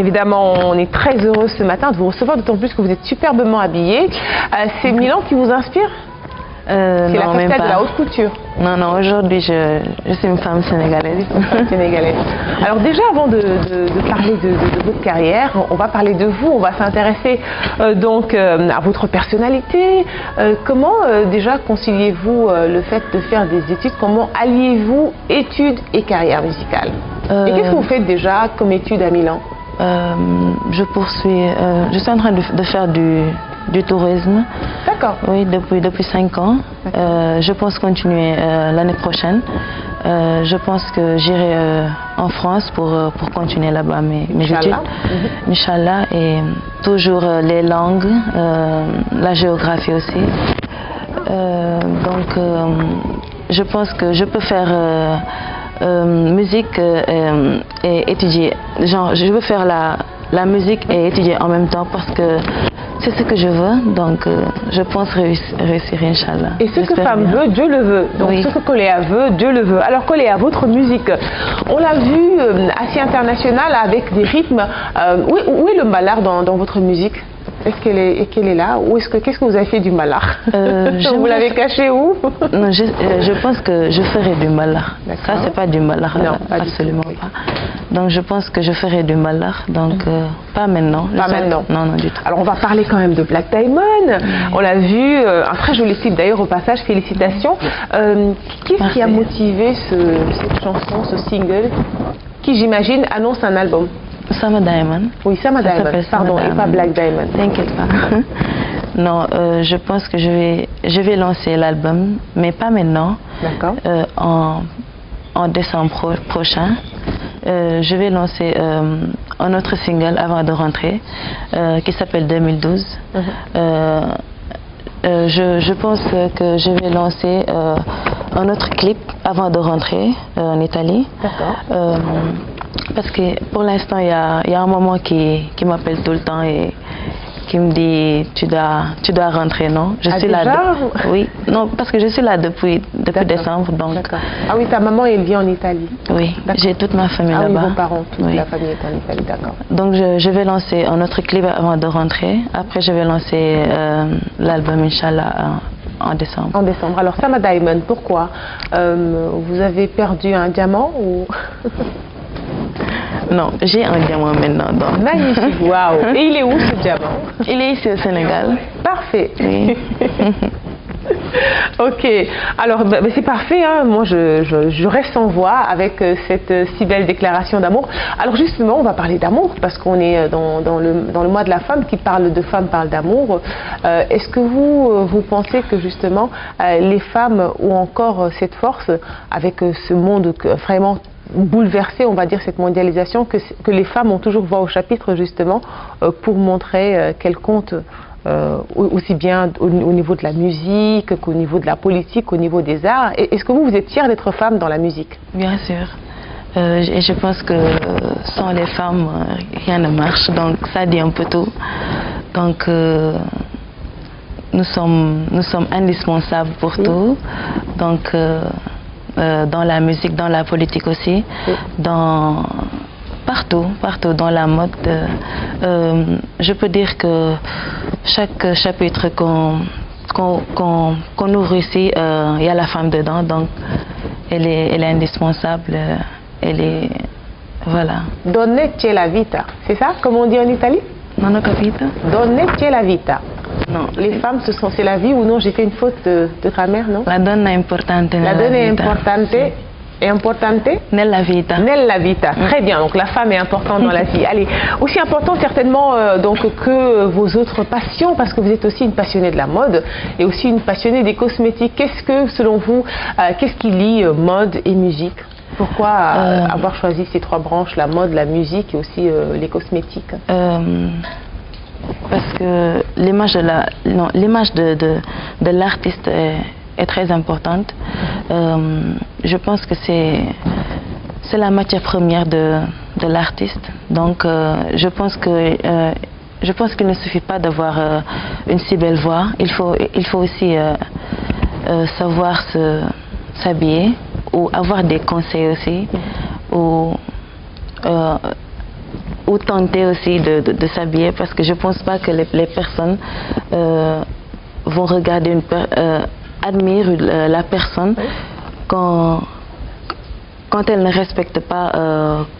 évidemment, on est très heureux ce matin de vous recevoir, d'autant plus que vous êtes superbement habillée. Euh, c'est Milan qui vous inspire euh, C'est la capitale de la haute couture. Non, non, aujourd'hui, je, je, suis une femme sénégalaise. sénégalaise. Alors déjà, avant de, parler de, votre carrière, on va parler de vous, on va s'intéresser euh, donc euh, à votre personnalité. comment déjà conciliez-vous le fait de faire des études Comment alliez-vous études et carrière musicale Et qu'est-ce que vous faites déjà comme études à Milan euh, je poursuis, euh, je suis en train de, faire du, du tourisme. D'accord. Oui, depuis, depuis 5 ans. Euh, je pense continuer l'année prochaine. je pense que j'irai en France pour, pour continuer là-bas mes, mes études. Mm-hmm. Inch'Allah. Et toujours les langues, la géographie aussi. donc, je pense que je peux faire euh, musique euh, et étudier. Genre, je veux faire la, musique et étudier en même temps parce que c'est ce que je veux. Donc, euh, je pense réussir, Inch'Allah. Et ce que femme veut, Dieu le veut. Donc, ce que Coléa veut, Dieu le veut. Alors, Coléa, votre musique, on l'a vu assez international avec des rythmes. Où est, le malheur dans votre musique est-ce qu'elle est, là Ou est-ce que qu'est-ce que vous avez fait du malheur euh, Vous l'avez caché où non, euh, je, pense que je ferai du malheur Ça, c'est pas du malheur non, absolument pas. Donc, je pense que je ferai du malheur Donc, mm. euh, pas maintenant. Pas maintenant. non, non, du tout. Alors, on va parler quand même de Black Diamond. Mm. On l'a vu, euh, un très joli clip d'ailleurs au passage. Félicitations. Mm. Qu'est-ce qui a motivé cette chanson, ce single, qui j'imagine annonce un album Sama Diamond. Oui, Sama Diamond. Pardon, et pas Black Diamond. T'inquiète pas. non, euh, je pense que je vais, je vais lancer l'album, mais pas maintenant. D'accord. Euh, en, en, décembre prochain. Euh, je vais lancer un autre single avant de rentrer qui s'appelle 2012. Mhm. je, je, pense que je vais lancer un autre clip avant de rentrer en Italie. D'accord. Parce que pour l'instant, il y a, un moment qui, qui m'appelle tout le temps et qui me dit tu dois, tu dois rentrer, non Je ah, suis là. Oui, non, parce que je suis là depuis, depuis décembre. donc. Ah oui, ta maman, elle vit en Italie Oui, j'ai toute ma famille ah là-bas. Oui, vos parents, toute la famille est en Italie, d'accord. Donc je, vais lancer un autre clip avant de rentrer. Après, je vais lancer euh, l'album Inch'Allah euh, en décembre. En décembre. Alors, Sama Diamond, pourquoi euh, Vous avez perdu un diamant ou Non, j'ai un diamant maintenant. Magnifique, waouh Et il est où ce diamant Il est ici au Sénégal. Parfait Ok, alors bah, bah, c'est parfait, hein. moi je, reste en voix avec euh, cette euh, si belle déclaration d'amour. Alors justement, on va parler d'amour parce qu'on est euh, dans, le, dans, mois de la femme qui parle de femme parle d'amour. Est-ce que vous, vous pensez que justement les femmes ont encore cette force avec ce monde vraiment bouleverser, on va dire, cette mondialisation que, les femmes ont toujours voix au chapitre, justement, euh, pour montrer euh, qu'elles comptent euh, aussi bien au, niveau de la musique qu'au niveau de la politique, au niveau des arts. Est-ce que vous, vous êtes fière d'être femme dans la musique Bien sûr. et je pense que sans les femmes, rien ne marche. Donc ça dit un peu tout. Donc nous, sommes, indispensables pour tout. Donc euh, dans la musique, dans la politique aussi, partout, partout dans la mode. Euh, euh, je peux dire que chaque chapitre qu'on ouvre ici, il y a la femme dedans, donc elle est, indispensable, elle est... Voilà. Donne ce la vita, c'est ça, comme on dit en Italie Non, non, capita. Donne ce la vita. Non. Les femmes se sont, c'est la vie ou non J'ai fait une faute de, grammaire, non La donne est importante. La donne est importante. Est importante Nella vita. Nella vita. Mm. Très bien, donc la femme est importante dans la vie. Allez, aussi important certainement euh, donc, que vos autres passions, parce que vous êtes aussi une passionnée de la mode et aussi une passionnée des cosmétiques. Qu'est-ce que, selon vous, euh, qu'est-ce qui lie euh, mode et musique pourquoi avoir choisi ces trois branches, la mode, la musique et aussi les cosmétiques parce que l'image de l'artiste est, très importante. Euh, je pense que c'est la matière première de, l'artiste. Donc euh, je pense que euh, je pense qu'il ne suffit pas d'avoir une si belle voix. Il faut, il faut aussi savoir s'habiller ou avoir des conseils aussi ou tenter aussi de, s'habiller parce que je pense pas que les, les personnes euh, vont regarder, une per, euh, admirer euh, la personne quand, quand elle ne respecte pas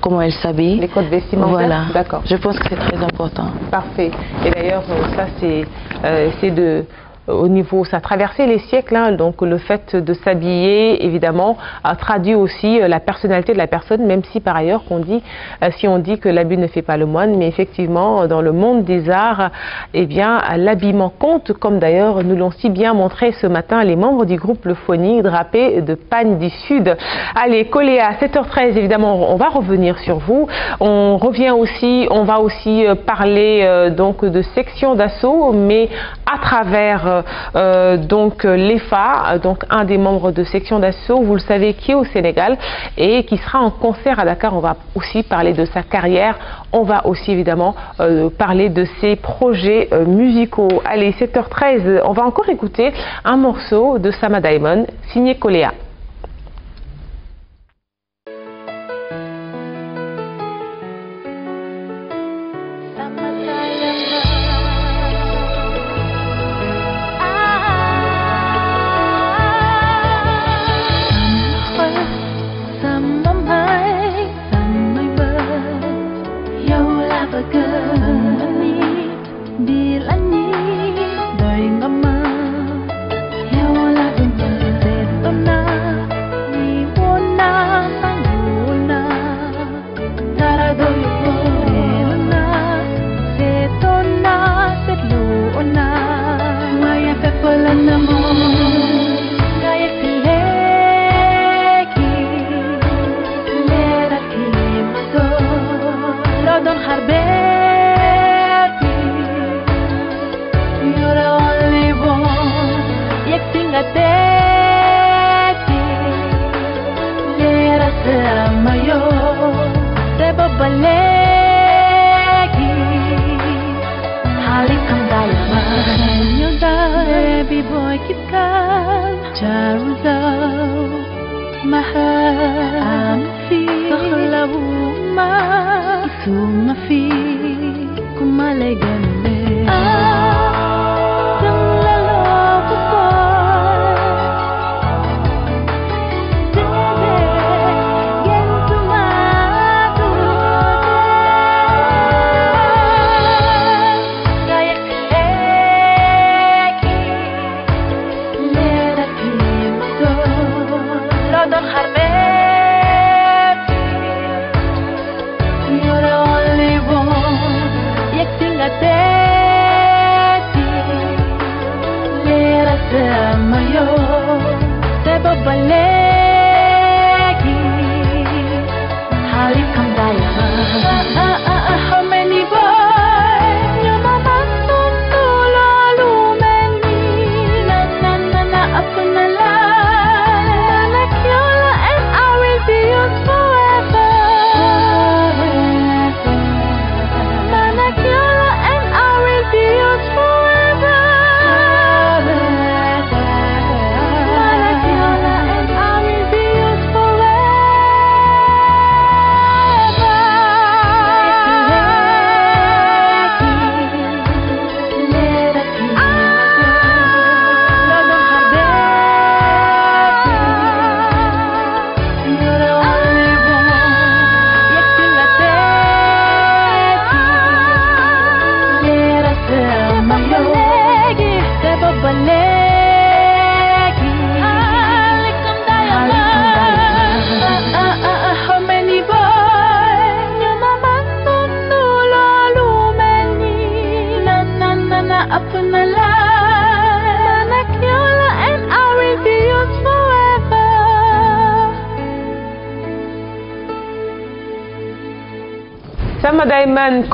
comment elle s'habille. Les codes vestimentaires Voilà, d'accord. Je pense que c'est très important. Parfait. Et d'ailleurs, ça c'est de au niveau, ça a traversé les siècles, hein, donc le fait de s'habiller, évidemment, a traduit aussi euh, la personnalité de la personne, même si par ailleurs, qu'on dit, euh, si on dit que l'abus ne fait pas le moine, mais effectivement, euh, dans le monde des arts, eh bien, l'habillement compte, comme d'ailleurs nous l'ont si bien montré ce matin les membres du groupe Le Phonique drapés de Pagne du Sud. Allez, collé à 7h13, évidemment, on va revenir sur vous. On revient aussi, on va aussi parler donc de sections d'assaut, mais à travers euh, donc euh, l'EFA, donc un des membres de section d'assaut, vous le savez, qui est au Sénégal et qui sera en concert à Dakar. On va aussi parler de sa carrière. On va aussi évidemment euh, parler de ses projets musicaux. Allez, 7h13, on va encore écouter un morceau de Sama Diamond, signé Coléa.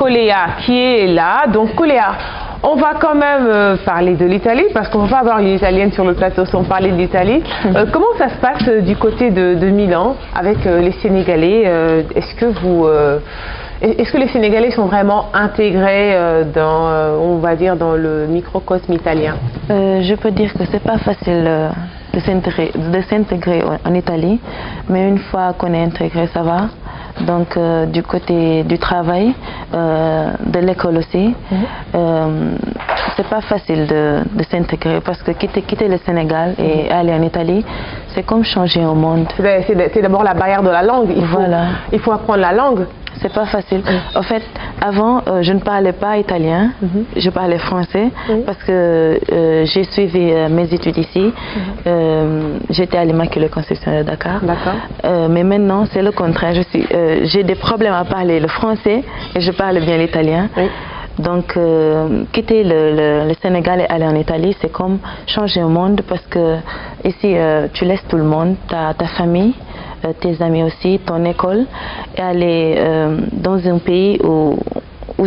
Coléa qui est là. Donc Coléa, on va quand même euh, parler de l'Italie, parce qu'on ne va avoir une Italienne sur le plateau sans parler de l'Italie. Euh, comment ça se passe euh, du côté de, Milan avec les Sénégalais Est-ce que les Sénégalais sont vraiment intégrés dans, on va dire, dans le microcosme italien Je peux dire que n'est pas facile de s'intégrer en Italie, mais une fois qu'on est intégré, ça va donc euh, du côté du travail, euh, de l'école aussi. Mhm. Euh, c'est pas facile de, de s'intégrer parce que quitter, quitter, le Sénégal et mhm. aller en Italie, c'est comme changer au monde. C'est d'abord la barrière de la langue. il faut apprendre la langue c'est pas facile. En fait, avant, euh, je ne parlais pas italien, mhm. je parlais français parce que euh, j'ai suivi euh, mes études ici. Mhm. J'étais à l'IMAC, le d'accord. de Dakar. mais maintenant, c'est le contraire. J'ai des problèmes à parler le français et je parle bien l'italien. Donc, quitter le, Sénégal et aller en Italie, c'est comme changer le monde parce que ici, tu laisses tout le monde, ta famille, euh, tes amis aussi, ton école, et aller euh, dans un pays où,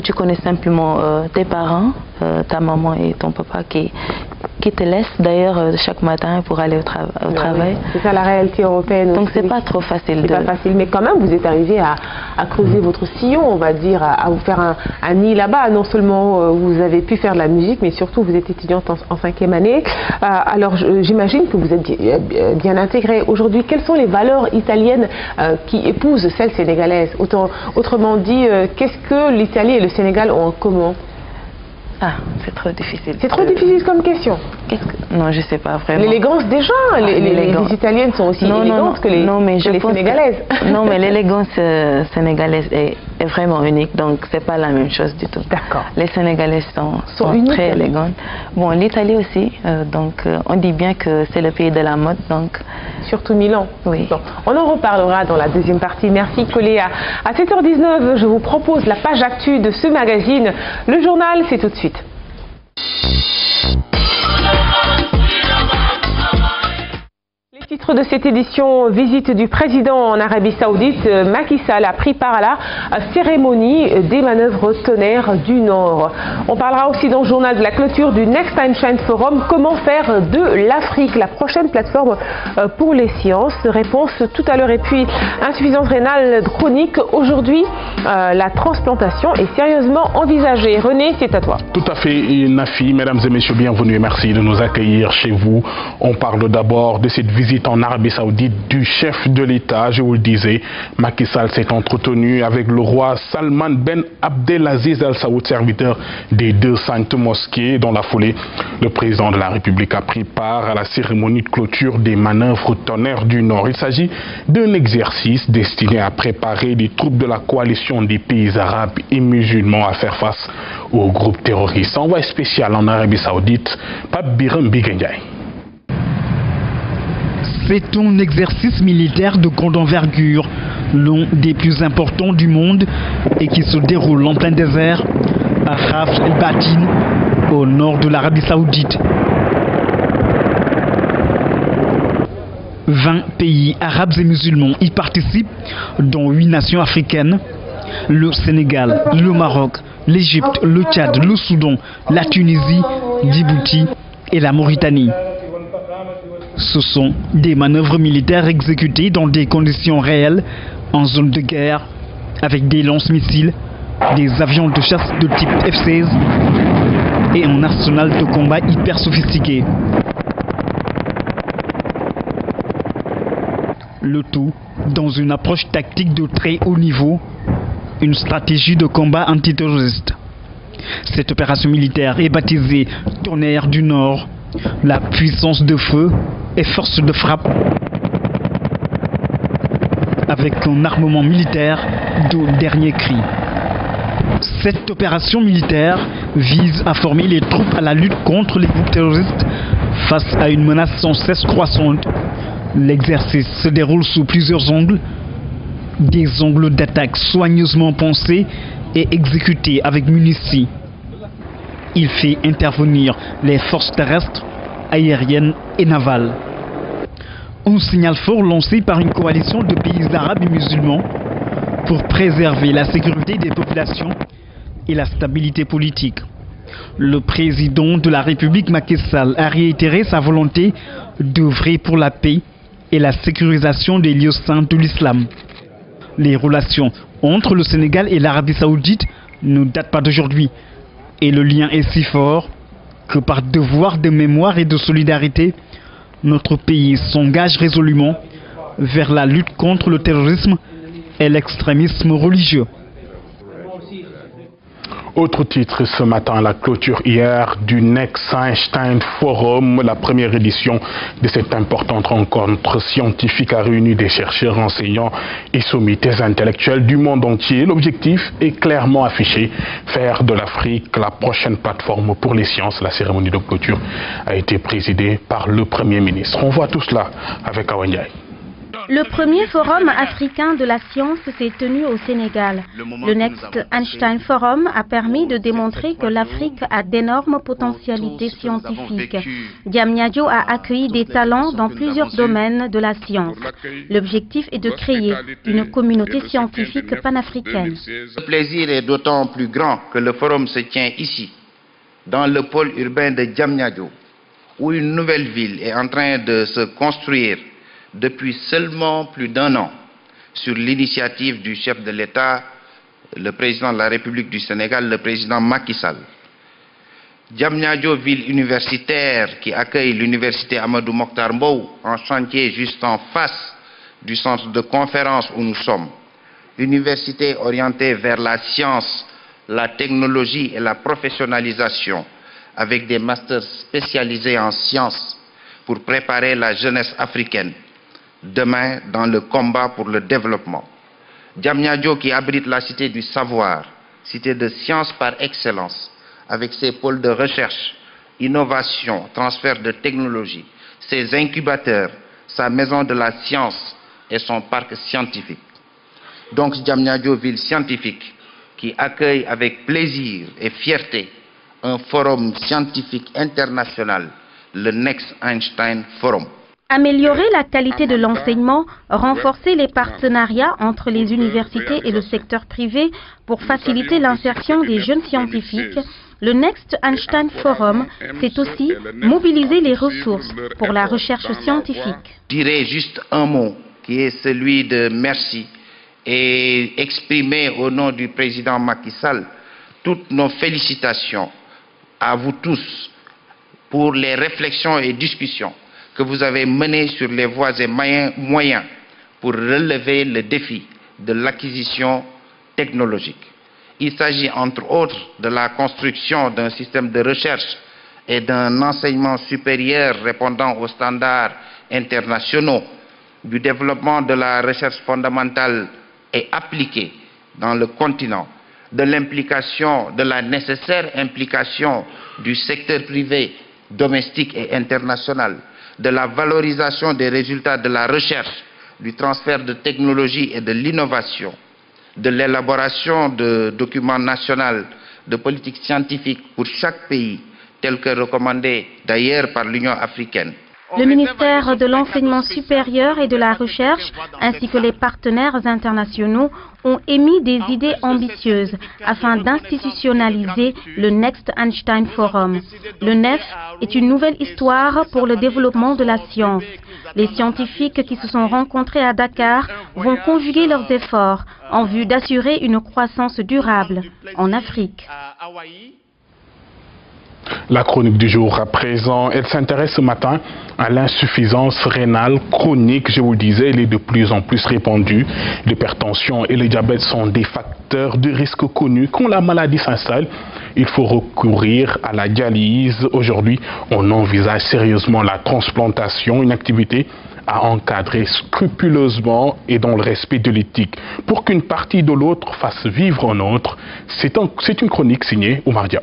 tu connais simplement euh, tes parents, euh, ta maman et ton papa qui, qui te laissent d'ailleurs euh, chaque matin pour aller au, travail. C'est ça la réalité européenne. Donc c'est pas trop facile. De... pas facile, mais quand même vous êtes arrivé à, à, creuser votre sillon, on va dire, à, vous faire un, nid là-bas. Non seulement euh, vous avez pu faire de la musique, mais surtout vous êtes étudiante en, cinquième année. alors j'imagine que vous êtes bien intégrée. Aujourd'hui, quelles sont les valeurs italiennes qui épousent celles sénégalaises Autrement dit, qu'est-ce que l'Italie et le Sénégal ont en commun ah, c'est trop difficile. C'est trop difficile comme question. Non, je sais pas vraiment. L'élégance des gens, les, ah, Italiennes sont aussi élégantes que les, non, mais je les Sénégalaises. non, mais l'élégance euh, sénégalaise est, vraiment unique, donc c'est pas la même chose du tout. D'accord. Les Sénégalaises sont, sont, très élégantes. Bon, l'Italie aussi, euh, donc euh, on dit bien que c'est le pays de la mode, donc. Surtout Milan. Oui. on en reparlera dans la deuxième partie. Merci Coléa. À 7h19, je vous propose la page actuelle de ce magazine. Le journal, c'est tout de suite. Oh, titre de cette édition, visite du président en Arabie Saoudite, euh, Macky Sall a pris part à la euh, cérémonie euh, des manœuvres tonnerres du Nord. On parlera aussi dans le journal de la clôture du Next Einstein Forum, comment faire de l'Afrique, la prochaine plateforme pour les sciences. Réponse tout à l'heure et puis insuffisance rénale chronique. Aujourd'hui, la transplantation est sérieusement envisagée. René, c'est à toi. Tout à fait, Nafi, mesdames et messieurs, bienvenue merci de nous accueillir chez vous. On parle d'abord de cette visite en Arabie Saoudite du chef de l'État. Je vous le disais, Macky Sall s'est entretenu avec le roi Salman Ben Abdelaziz Al Saoud, serviteur des deux saintes mosquées. Dans la foulée, le président de la République a pris part à la cérémonie de clôture des manœuvres tonnerre du Nord. Il s'agit d'un exercice destiné à préparer les troupes de la coalition des pays arabes et musulmans à faire face aux groupes terroristes. Envoi spécial en Arabie Saoudite, Pape Biram Bigengay. C'est un exercice militaire de grande envergure, l'un des plus importants du monde et qui se déroule en plein désert à Raf el-Batin, au nord de l'Arabie Saoudite. 20 pays arabes et musulmans y participent, dont 8 nations africaines, le Sénégal, le Maroc, l'Égypte, le Tchad, le Soudan, la Tunisie, Djibouti et la Mauritanie. Ce sont des manœuvres militaires exécutées dans des conditions réelles, en zone de guerre, avec des lance-missiles, des avions de chasse de type F-16 et un arsenal de combat hyper sophistiqué. Le tout dans une approche tactique de très haut niveau, une stratégie de combat antiterroriste. Cette opération militaire est baptisée Tonnerre du Nord, la puissance de feu et forces de frappe avec un armement militaire de dernier cri. Cette opération militaire vise à former les troupes à la lutte contre les groupes terroristes face à une menace sans cesse croissante. L'exercice se déroule sous plusieurs angles, des angles d'attaque soigneusement pensés et exécutés avec munitions. Il fait intervenir les forces terrestres, aérienne et navale. Un signal fort lancé par une coalition de pays arabes et musulmans pour préserver la sécurité des populations et la stabilité politique. Le président de la République Macky Sall a réitéré sa volonté d'œuvrer pour la paix et la sécurisation des lieux saints de l'islam. Les relations entre le Sénégal et l'Arabie saoudite ne datent pas d'aujourd'hui et le lien est si fort que par devoir de mémoire et de solidarité, notre pays s'engage résolument vers la lutte contre le terrorisme et l'extrémisme religieux. Autre titre ce matin, la clôture hier du Next Einstein Forum, la première édition de cette importante rencontre scientifique a réuni des chercheurs, enseignants et sommités intellectuels du monde entier. L'objectif est clairement affiché, faire de l'Afrique la prochaine plateforme pour les sciences. La cérémonie de clôture a été présidée par le Premier ministre. On voit tout cela avec Awanyaï. Le premier forum africain de la science s'est tenu au Sénégal. Le Next Einstein Forum a permis de démontrer que l'Afrique a d'énormes potentialités scientifiques. Diamniadio a accueilli des talents dans plusieurs domaines de la science. L'objectif est de créer une communauté scientifique panafricaine. Ce plaisir est d'autant plus grand que le forum se tient ici, dans le pôle urbain de Diamniadio, où une nouvelle ville est en train de se construire depuis seulement plus d'un an, sur l'initiative du chef de l'État, le président de la République du Sénégal, le président Macky Sall. ville universitaire qui accueille l'université Amadou Mokhtar Mbou en chantier juste en face du centre de conférence où nous sommes. Université orientée vers la science, la technologie et la professionnalisation avec des masters spécialisés en sciences pour préparer la jeunesse africaine demain dans le combat pour le développement. Diamniadio, qui abrite la cité du savoir, cité de science par excellence, avec ses pôles de recherche, innovation, transfert de technologie, ses incubateurs, sa maison de la science et son parc scientifique. Donc Diamniadio, ville scientifique, qui accueille avec plaisir et fierté un forum scientifique international, le Next Einstein Forum. Améliorer la qualité de l'enseignement, renforcer les partenariats entre les universités et le secteur privé pour faciliter l'insertion des jeunes scientifiques, le Next Einstein Forum, c'est aussi mobiliser les ressources pour la recherche scientifique. Je dirais juste un mot qui est celui de merci et exprimer au nom du président Macky Sall toutes nos félicitations à vous tous pour les réflexions et discussions que vous avez mené sur les voies et moyens pour relever le défi de l'acquisition technologique. Il s'agit entre autres de la construction d'un système de recherche et d'un enseignement supérieur répondant aux standards internationaux, du développement de la recherche fondamentale et appliquée dans le continent, de l'implication, de la nécessaire implication du secteur privé domestique et international, de la valorisation des résultats de la recherche, du transfert de technologies et de l'innovation, de l'élaboration de documents nationaux de politique scientifique pour chaque pays, tel que recommandé d'ailleurs par l'Union africaine, le ministère de l'Enseignement supérieur et de la Recherche, ainsi que les partenaires internationaux, ont émis des idées ambitieuses afin d'institutionnaliser le Next Einstein Forum. Le NEF est une nouvelle histoire pour le développement de la science. Les scientifiques qui se sont rencontrés à Dakar vont conjuguer leurs efforts en vue d'assurer une croissance durable en Afrique. La chronique du jour à présent, elle s'intéresse ce matin à l'insuffisance rénale chronique, je vous le disais, elle est de plus en plus répandue. L'hypertension et le diabète sont des facteurs de risque connus. Quand la maladie s'installe, il faut recourir à la dialyse. Aujourd'hui, on envisage sérieusement la transplantation, une activité à encadrer scrupuleusement et dans le respect de l'éthique, pour qu'une partie de l'autre fasse vivre un autre. C'est une chronique signée au Diaw.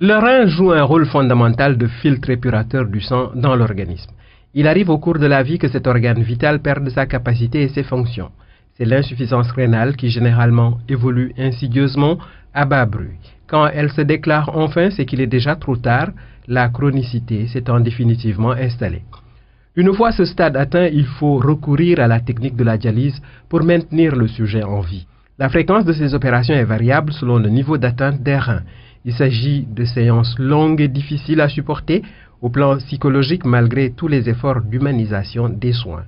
Le rein joue un rôle fondamental de filtre épurateur du sang dans l'organisme. Il arrive au cours de la vie que cet organe vital perde sa capacité et ses fonctions. C'est l'insuffisance rénale qui généralement évolue insidieusement à bas bruit. Quand elle se déclare enfin, c'est qu'il est déjà trop tard, la chronicité s'étant définitivement installée. Une fois ce stade atteint, il faut recourir à la technique de la dialyse pour maintenir le sujet en vie. La fréquence de ces opérations est variable selon le niveau d'atteinte des reins. Il s'agit de séances longues et difficiles à supporter au plan psychologique malgré tous les efforts d'humanisation des soins.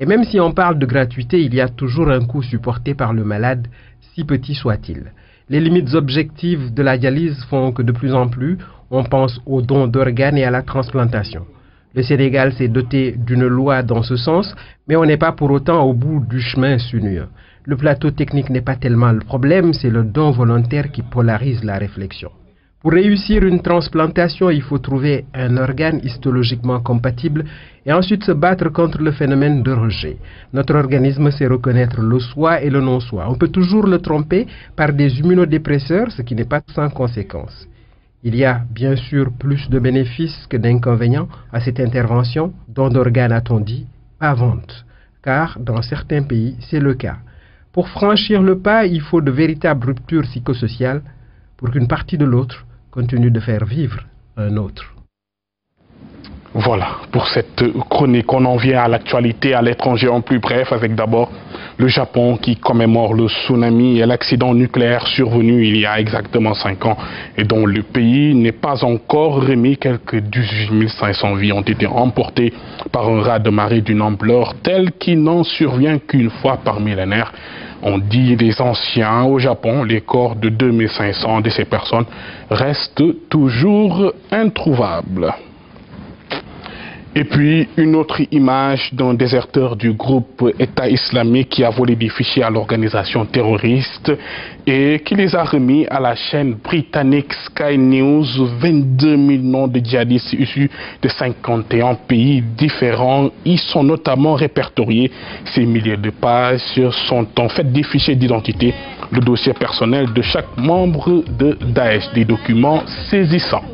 Et même si on parle de gratuité, il y a toujours un coût supporté par le malade, si petit soit-il. Les limites objectives de la dialyse font que de plus en plus, on pense aux dons d'organes et à la transplantation. Le Sénégal s'est doté d'une loi dans ce sens, mais on n'est pas pour autant au bout du chemin sinueux. Le plateau technique n'est pas tellement le problème, c'est le don volontaire qui polarise la réflexion. Pour réussir une transplantation, il faut trouver un organe histologiquement compatible et ensuite se battre contre le phénomène de rejet. Notre organisme sait reconnaître le soi et le non-soi. On peut toujours le tromper par des immunodépresseurs, ce qui n'est pas sans conséquence. Il y a bien sûr plus de bénéfices que d'inconvénients à cette intervention, dont d'organes a-t-on dit, vente, car dans certains pays, c'est le cas. Pour franchir le pas, il faut de véritables ruptures psychosociales pour qu'une partie de l'autre continue de faire vivre un autre. Voilà, pour cette chronique, on en vient à l'actualité à l'étranger en plus bref, avec d'abord le Japon qui commémore le tsunami et l'accident nucléaire survenu il y a exactement 5 ans et dont le pays n'est pas encore remis. Quelques 18 500 vies ont été emportées par un raz de marée d'une ampleur telle qu'il n'en survient qu'une fois par millénaire. On dit des anciens au Japon, les corps de 2500 de ces personnes restent toujours introuvables. Et puis, une autre image d'un déserteur du groupe État islamique qui a volé des fichiers à l'organisation terroriste et qui les a remis à la chaîne britannique Sky News. 22 000 noms de djihadistes issus de 51 pays différents y sont notamment répertoriés. Ces milliers de pages sont en fait des fichiers d'identité, le dossier personnel de chaque membre de Daesh, des documents saisissants.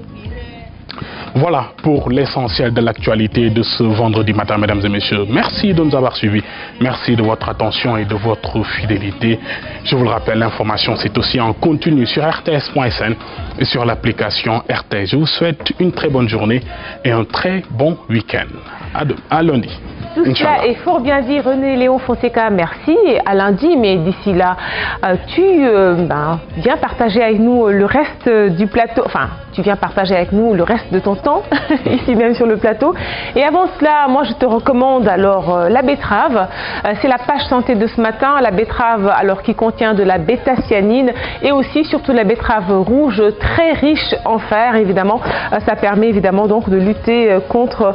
Voilà pour l'essentiel de l'actualité de ce vendredi matin, mesdames et messieurs. Merci de nous avoir suivis. Merci de votre attention et de votre fidélité. Je vous le rappelle, l'information, c'est aussi en continu sur rts.sn et sur l'application RTS. Je vous souhaite une très bonne journée et un très bon week-end. À, lundi. Tout cela est fort bien dit, René Léon Fonseca, merci. À lundi, mais d'ici là, euh, tu euh, ben, viens partager avec nous le reste du plateau. Enfin, tu viens partager avec nous le reste de ton ici même sur le plateau. Et avant cela, moi je te recommande alors euh, la betterave. Euh, c'est la page santé de ce matin, la betterave alors qui contient de la bêta-cyanine et aussi surtout la betterave rouge très riche en fer évidemment. Euh, ça permet évidemment donc de lutter contre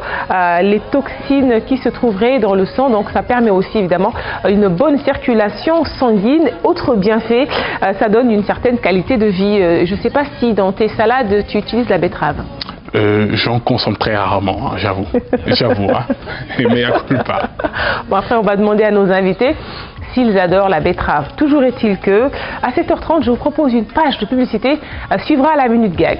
les toxines qui se trouveraient dans le sang. Donc ça permet aussi évidemment une bonne circulation sanguine. Autre bienfait, ça donne une certaine qualité de vie. Je ne sais pas si dans tes salades tu utilises la betterave. Euh, j'en consomme très rarement, hein, j'avoue. J'avoue, hein. mais à pas. Bon, après, on va demander à nos invités s'ils adorent la betterave. Toujours est-il que, à 7h30, je vous propose une page de publicité suivra à la Minute Gag.